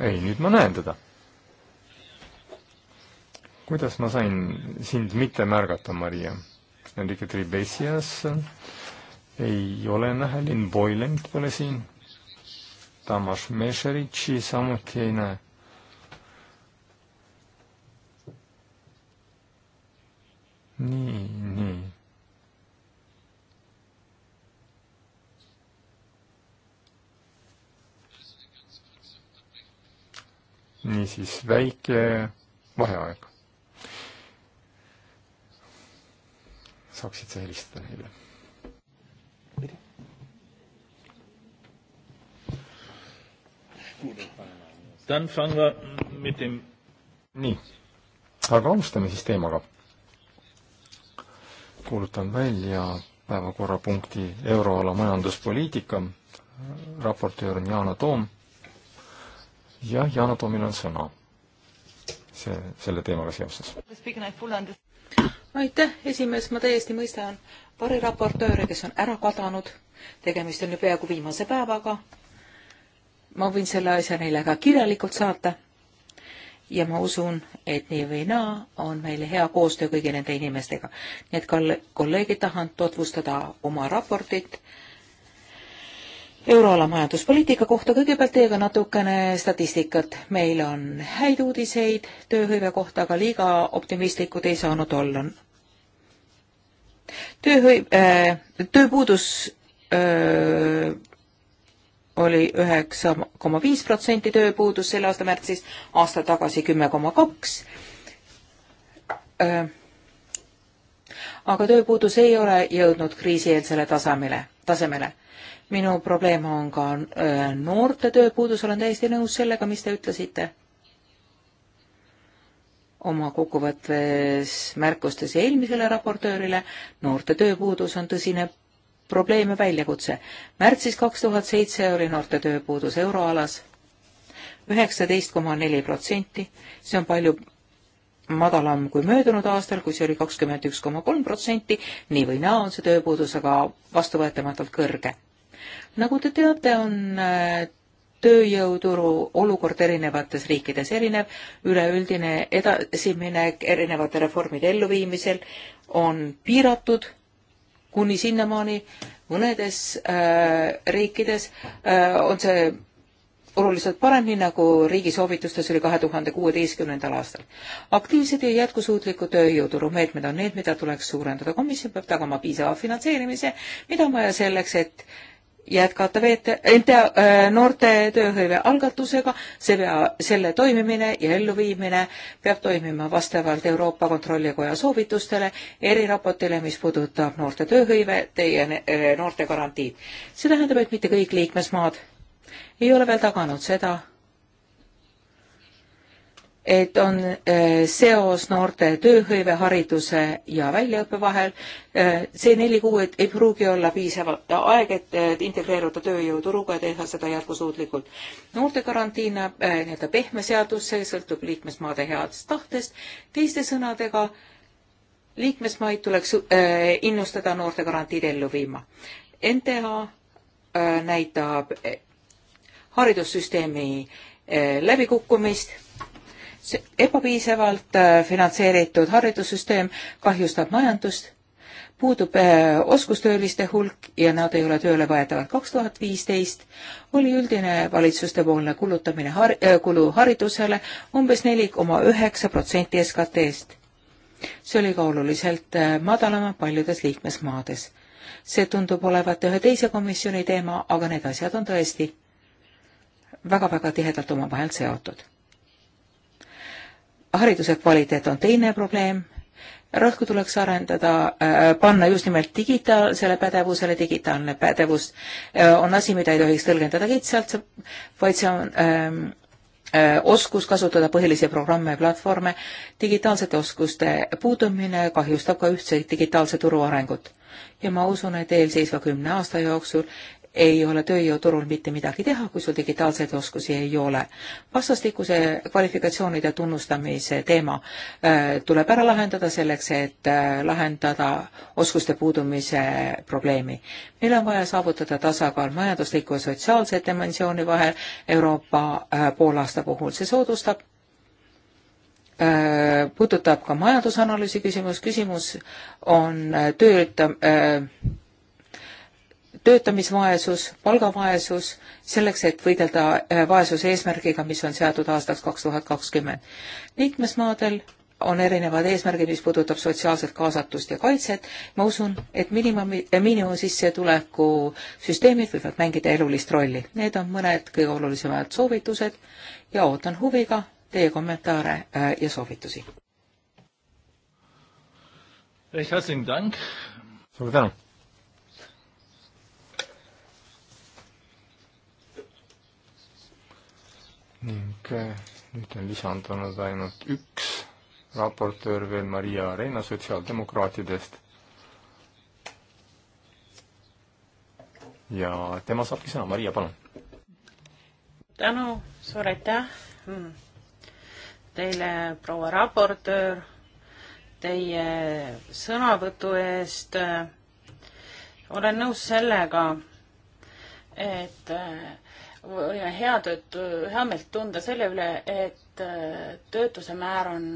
ei, nüüd ma näen teda kuidas ma sain sind mitte märgata, Maria? Enrique Tribesias ei ole näha, Lynn Boylent pole siin, Tamas Mešeritši samuti ei näe. nii, nii. niisiis väike vaheaeg. saaksid sa helistada neile. Dann fangen wir mit dem nii, aga alustame siis teemaga. kuulutan välja päevakorrapunkti Euroala majanduspoliitika. raportöör on Yana Toom. jah, Yana Toomil on sõna see, selle teemaga seoses aitäh, esimees, ma täiesti mõistan variraportööre, kes on ära kadunud. tegemist on ju peaaegu viimase päevaga. ma võin selle asja neile ka kirjalikult saata. ja ma usun, et nii või naa on meil hea koostöö kõigi nende inimestega. nii et kolleegid, tahan tutvustada oma raportit euroala majanduspoliitika kohta kõigepealt teiega natukene statistikat. meil on häid uudiseid tööhõive kohta, aga liiga optimistlikud ei saanud olla. tööhõi- äh,, tööpuudus äh, oli üheksa koma viis protsenti tööpuudus selle aasta märtsis, aasta tagasi kümme koma kaks äh, aga tööpuudus ei ole jõudnud kriisieelsele tasemele, tasemele minu probleem on ka äh, noorte tööpuudus, olen täiesti nõus sellega, mis te ütlesite oma kokkuvõttes märkustes eelmisele raportöörile, noorte tööpuudus on tõsine probleem ja väljakutse. märtsis kaks tuhat seitse oli noorte tööpuudus euroalas üheksateist koma neli protsenti, see on palju madalam kui möödunud aastal, kui see oli kakskümmend üks koma kolm protsenti, nii või naa on see tööpuudus aga vastuvõetamatult kõrge nagu te teate, on äh, tööjõuturu olukord erinevates riikides erinev, üleüldine edasiminek erinevate reformide elluviimisel on piiratud kuni sinnamaani, mõnedes äh, riikides äh, on see oluliselt parem, nii nagu riigi soovitustes oli kahe tuhande kuueteistkümnendal aastal. aktiivsed ja jätkusuutliku tööjõuturu meetmed on need, mida tuleks suurendada. komisjon peab tagama piisava finantseerimise, mida on vaja selleks, et jätkata VT, NTA äh, noorte tööhõive algatusega, see pea, selle toimimine ja elluviimine peab toimima vastavalt Euroopa Kontrollikoja soovitustele, eriraportile, mis puudutab noorte tööhõive, teie äh, noorte garantiid. see tähendab, et mitte kõik liikmesmaad ei ole veel taganud seda, et on eh, seos noorte tööhõive, hariduse ja väljaõppe vahel. Eh, see neli kuud ei pruugi olla piisavalt aeg, et integreeruda tööjõuturuga ja teha seda jätkusuutlikult. noortegarantii näeb eh, nii-öelda pehme seadus, see sõltub liikmesmaade heast tahtest. teiste sõnadega, liikmesmaid tuleks innustada noortegarantiid ellu viima. NTA näitab haridussüsteemi läbikukkumist ebapiisavalt äh, finantseeritud haridussüsteem kahjustab majandust, puudub äh, oskustööliste hulk ja nad ei ole tööle võetavad. kaks tuhat viisteist oli üldine valitsustepoolne kulutamine har-, äh, kulu haridusele umbes neli koma üheksa protsenti SKT-st. see oli ka oluliselt madalam paljudes liikmesmaades. see tundub olevat ühe teise komisjoni teema, aga need asjad on tõesti väga-väga tihedalt omavahel seotud hariduse kvaliteet on teine probleem, rõhku tuleks arendada, äh, panna just nimelt digitaalsele pädevusele, digitaalne pädevus äh, on asi, mida ei tohiks tõlgendada kitsalt, vaid see on ähm, äh, oskus kasutada põhilisi programme ja platvorme, digitaalsete oskuste puudumine kahjustab ka ühtse digitaalse turu arengut. ja ma usun, et eelseisva kümne aasta jooksul ei ole tööjõuturul mitte midagi teha, kui sul digitaalseid oskusi ei ole. vastastikuse kvalifikatsioonide tunnustamise teema äh, tuleb ära lahendada selleks, et äh, lahendada oskuste puudumise probleemi. meil on vaja saavutada tasakaal majandusliku ja sotsiaalse dimensiooni vahel Euroopa äh, poolaasta puhul, see soodustab puudutab ka majandusanalüüsi küsimus, küsimus on tööta-, töötamisvaesus, palgavaesus, selleks, et võidelda äh, vaesuse eesmärgiga, mis on seatud aastaks kaks tuhat kakskümmend. liikmesmaadel on erinevad eesmärgid, mis puudutab sotsiaalset kaasatust ja kaitset. ma usun, et miinimumi, äh, miinimumsissetuleku süsteemid võivad mängida elulist rolli. Need on mõned kõige olulisemad soovitused ja ootan huviga teie kommentaare äh, ja soovitusi. suur tänu! ning eh, nüüd on lisandunud ainult üks raportöör veel, Maria Arena sotsiaaldemokraatidest. ja tema saabki sõna, Maria, palun. tänu, suur aitäh hmm. teile, proua raportöör, teie sõnavõtu eest. olen nõus sellega, et äh, olime hea tööt-, heameelt tunda selle üle, et äh, töötuse määr on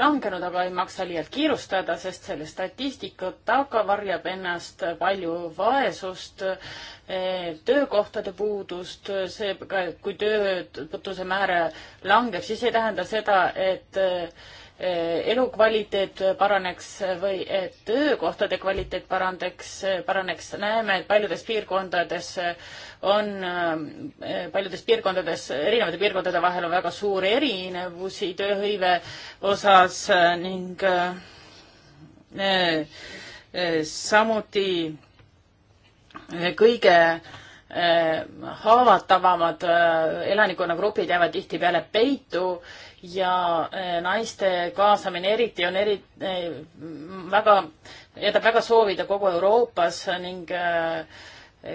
langenud, aga ei maksa liialt kiirustada, sest selle statistika taga varjab ennast palju vaesust, äh, töökohtade puudust, seega kui töötuse määr langeb, siis ei tähenda seda, et äh, elukvaliteet paraneks või et töökohtade kvaliteet parandeks, paraneks. näeme, et paljudes piirkondades on, paljudes piirkondades, erinevate piirkondade vahel on väga suuri erinevusi tööhõive osas ning eh, eh, samuti eh, kõige haavatavamad elanikkonnagrupid jäävad tihtipeale peitu ja äh, naiste kaasamine eriti on eri, äh, väga, jätab väga soovida kogu Euroopas ning äh,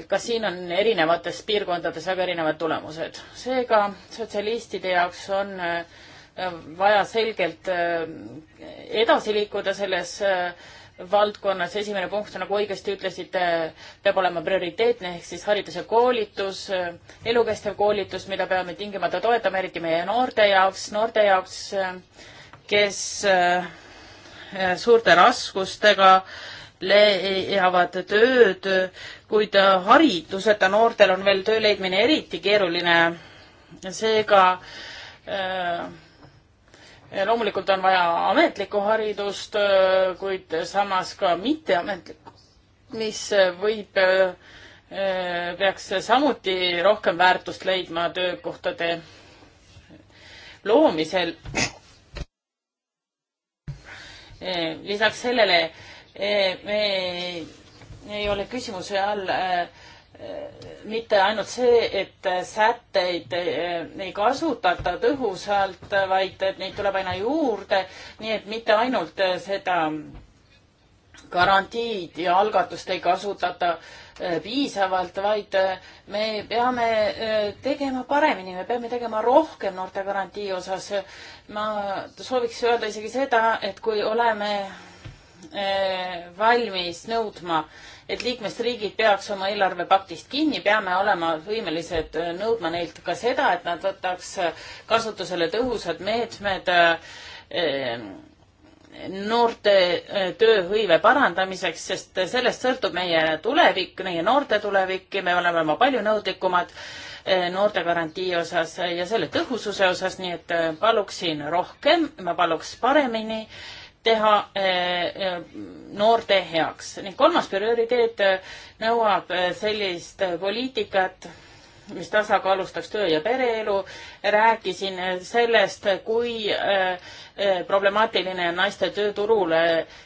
ka siin on erinevates piirkondades väga erinevad tulemused. seega sotsialistide jaoks on vaja selgelt edasi liikuda selles äh, valdkonnas. esimene punkt, nagu õigesti ütlesite, peab olema prioriteetne ehk siis hariduse koolitus, elukestev koolitus, mida peame tingimata toetama, eriti meie noorte jaoks, noorte jaoks, kes äh, suurte raskustega leiavad tööd, kuid hariduseta noortel on veel töö leidmine eriti keeruline. seega äh, loomulikult on vaja ametlikku haridust, äh, kuid samas ka mitteametlikku, mis võib, äh, äh, peaks samuti rohkem väärtust leidma töökohtade loomisel. lisaks sellele me ei ole küsimuse all äh, mitte ainult see, et sätteid eh, ei kasutata tõhusalt, vaid et neid tuleb aina juurde, nii et mitte ainult eh, seda garantiid ja algatust ei kasutata eh, piisavalt, vaid me peame tegema paremini, me peame tegema rohkem noorte garantii osas. ma sooviks öelda isegi seda, et kui oleme Äh, valmis nõudma, et liikmesriigid peaks oma eelarvepaktist kinni, peame olema võimelised äh, nõudma neilt ka seda, et nad võtaks kasutusele tõhusad meetmed äh, noorte tööhõive parandamiseks, sest sellest sõltub meie tulevik, meie noorte tulevik ja me oleme oma palju nõudlikumad noortegarantii osas ja selle tõhususe osas, nii et paluksin rohkem, ma paluks paremini teha eh, eh, noorte heaks ning kolmas prioriteet eh, nõuab sellist poliitikat, mis tasakaalustaks töö ja pereelu. rääkisin sellest, kui äh, äh, problemaatiline on naiste tööturule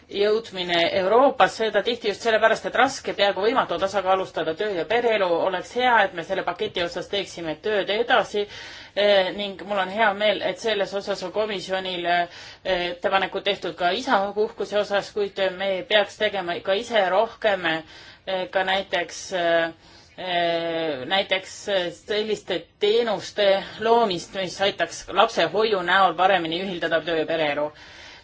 jõudmine Euroopas, seda tihti just sellepärast, et raske, peaaegu võimatu tasakaalustada töö ja pereelu. oleks hea, et me selle paketi osas teeksime tööd edasi äh, ning mul on hea meel, et selles osas on komisjonil ettepanekud tehtud ka isapuhkuse osas, kuid me peaks tegema ikka ise rohkem ka näiteks äh, Äh, näiteks äh, selliste teenuste loomist, mis aitaks lapsehoiu näol paremini ühildada töö ja pereelu.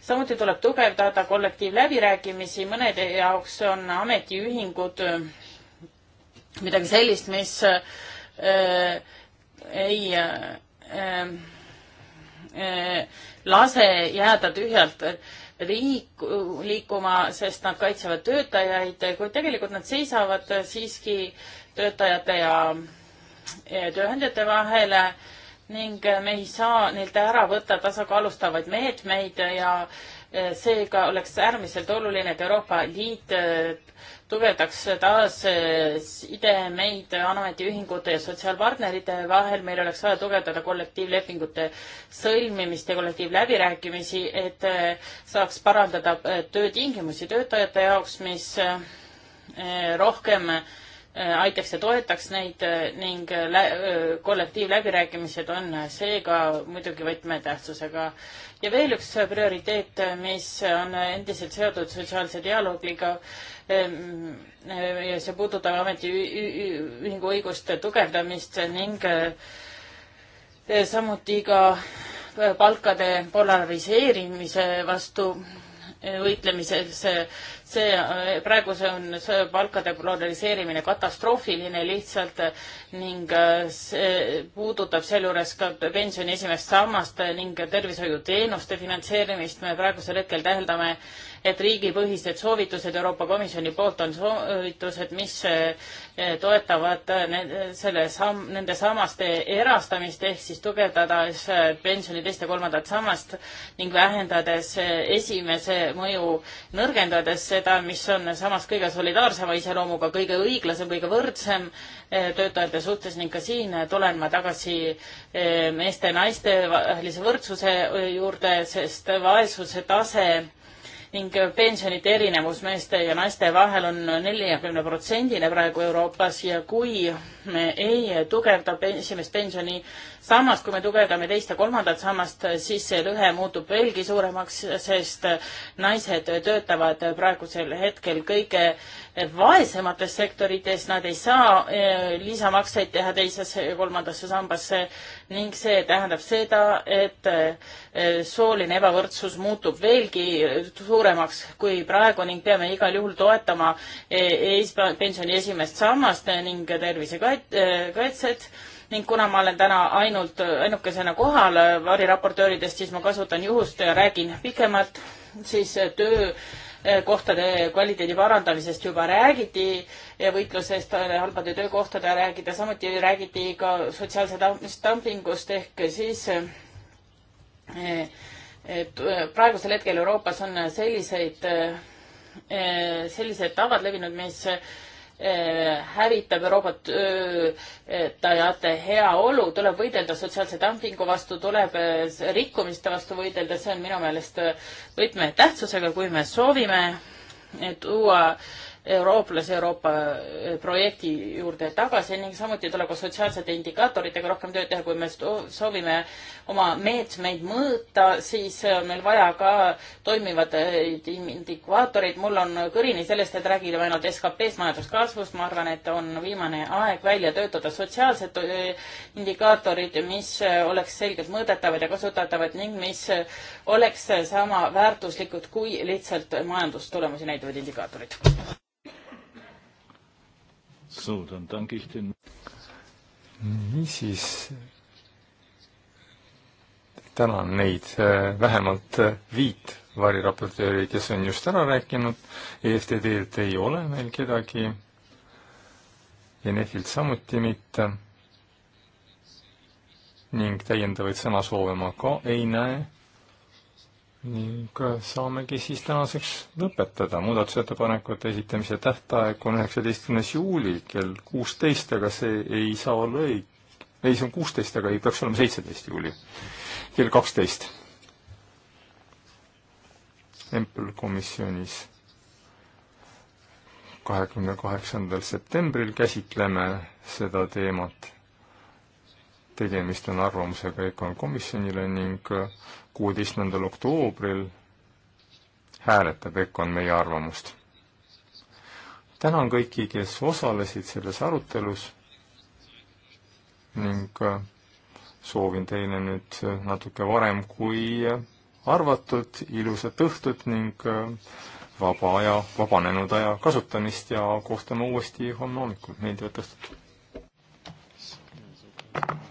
samuti tuleb tugevdada kollektiivläbirääkimisi, mõnede jaoks on ametiühingud äh, midagi sellist, mis äh, ei äh, äh, lase jääda tühjalt äh, riik, liikuma, sest nad kaitsevad töötajaid, kuid tegelikult nad seisavad siiski töötajate ja tööandjate vahele ning me ei saa neilt ära võtta tasakaalustavaid meetmeid ja eh, seega oleks äärmiselt oluline, et Euroopa Liit eh, tugevdaks taas eh, sidemeid ametiühingute ja sotsiaalpartnerite vahel, meil oleks vaja tugevdada kollektiivlepingute sõlmimist ja kollektiivläbirääkimisi, et eh, saaks parandada eh, töötingimusi töötajate jaoks, mis rohkem äh, Äh, aitaks ja toetaks neid äh, ning äh, kollektiivläbirääkimised on seega muidugi võtmetähtsusega. ja veel üks prioriteet, mis on endiselt seotud sotsiaalse dialoogiga ähm, ja see puudutab ametiühingu õiguste tugevdamist ning samuti ka palkade polariseerimise vastu võitlemises see, äh, praegu see on see palkade polariseerimine katastroofiline lihtsalt ning äh, see puudutab sealjuures ka pensioni esimest sammast ning tervishoiuteenuste finantseerimist. me praegusel hetkel täheldame, et riigipõhised soovitused Euroopa Komisjoni poolt on soovitused, mis eh, toetavad eh, selle samm, nende sammaste erastamist ehk siis tugevdades eh, pensioni teist ja kolmandat sammast ning vähendades esimese mõju, nõrgendades seda, mis on samas kõige solidaarsema iseloomuga, kõige õiglasem, kõige võrdsem töötajate suhtes ning ka siin tulen ma tagasi meeste ja naiste vahelise võrdsuse juurde, sest vaesuse tase ning pensionite erinevus meeste ja naiste vahel on neljakümne protsendine praegu Euroopas ja kui me ei tugevda esimest pensionisammast, kui me tugevdame teist ja kolmandat sammast, siis see lõhe muutub veelgi suuremaks, sest naised töötavad praegusel hetkel kõige vaesemates sektorites, nad ei saa eh, lisamakseid teha teisesse ja kolmandasse sambasse ning see tähendab seda, et eh, sooline ebavõrdsus muutub veelgi eh, suuremaks kui praegu ning peame igal juhul toetama pensioni esimest sammast ning tervisekaitset ning kuna ma olen täna ainult ainukesena kohal variraportööridest, siis ma kasutan juhust ja räägin pikemalt siis töö Eh, kohtade kvaliteedi parandamisest juba räägiti ja eh, võitlusest eh, halbade töökohtade räägida, samuti räägiti ka sotsiaalse dumpingust ehk siis et praegusel hetkel Euroopas on selliseid, sellised tavad levinud, mis Eh, hävitab Euroopa töötajate heaolu, tuleb võidelda sotsiaalse dumpingu vastu, tuleb eh, rikkumiste vastu võidelda, see on minu meelest võtmetähtsusega, kui me soovime tuua eurooplase Euroopa eh, projekti juurde tagasi ning samuti tuleb ka sotsiaalsete indikaatoritega rohkem tööd teha, kui me soovime oma meetmeid mõõta, siis on eh, meil vaja ka toimivad eh, indikaatorid. mul on kõrini sellest, et räägime ainult SKP-st, majanduskasvust, ma arvan, et on viimane aeg välja töötada sotsiaalsed indikaatorid, mis oleks selgelt mõõdetavad ja kasutatavad ning mis oleks sama väärtuslikud kui lihtsalt majandustulemusi näitavad indikaatorid niisiis tänan neid äh, vähemalt äh, viit variraportööri, kes on just ära rääkinud, EFTD-lt ei ole meil kedagi ja NEF-ilt samuti mitte ning täiendavaid sõnasoove ma ka ei näe ning äh, saamegi siis tänaseks lõpetada. muudatusettepanekute esitamise tähtaeg on üheksateistkümnes juuli kell kuusteist, aga see ei saa olla õig-, ei, see on kuusteist, aga ei peaks olema seitseteist juuli kell kaksteist. Empel komisjonis kahekümne kaheksandal septembril käsitleme seda teemat. tegemist on arvamusega EKOn komisjonile ning äh, kuueteistkümnendal oktoobril hääletab EKOn meie arvamust. tänan kõiki, kes osalesid selles arutelus ning äh, soovin teile nüüd natuke varem kui arvatud ilusat õhtut ning äh, vaba aja, vabanenud aja kasutamist ja kohtume uuesti homme hommikul, meeldivat õhtut!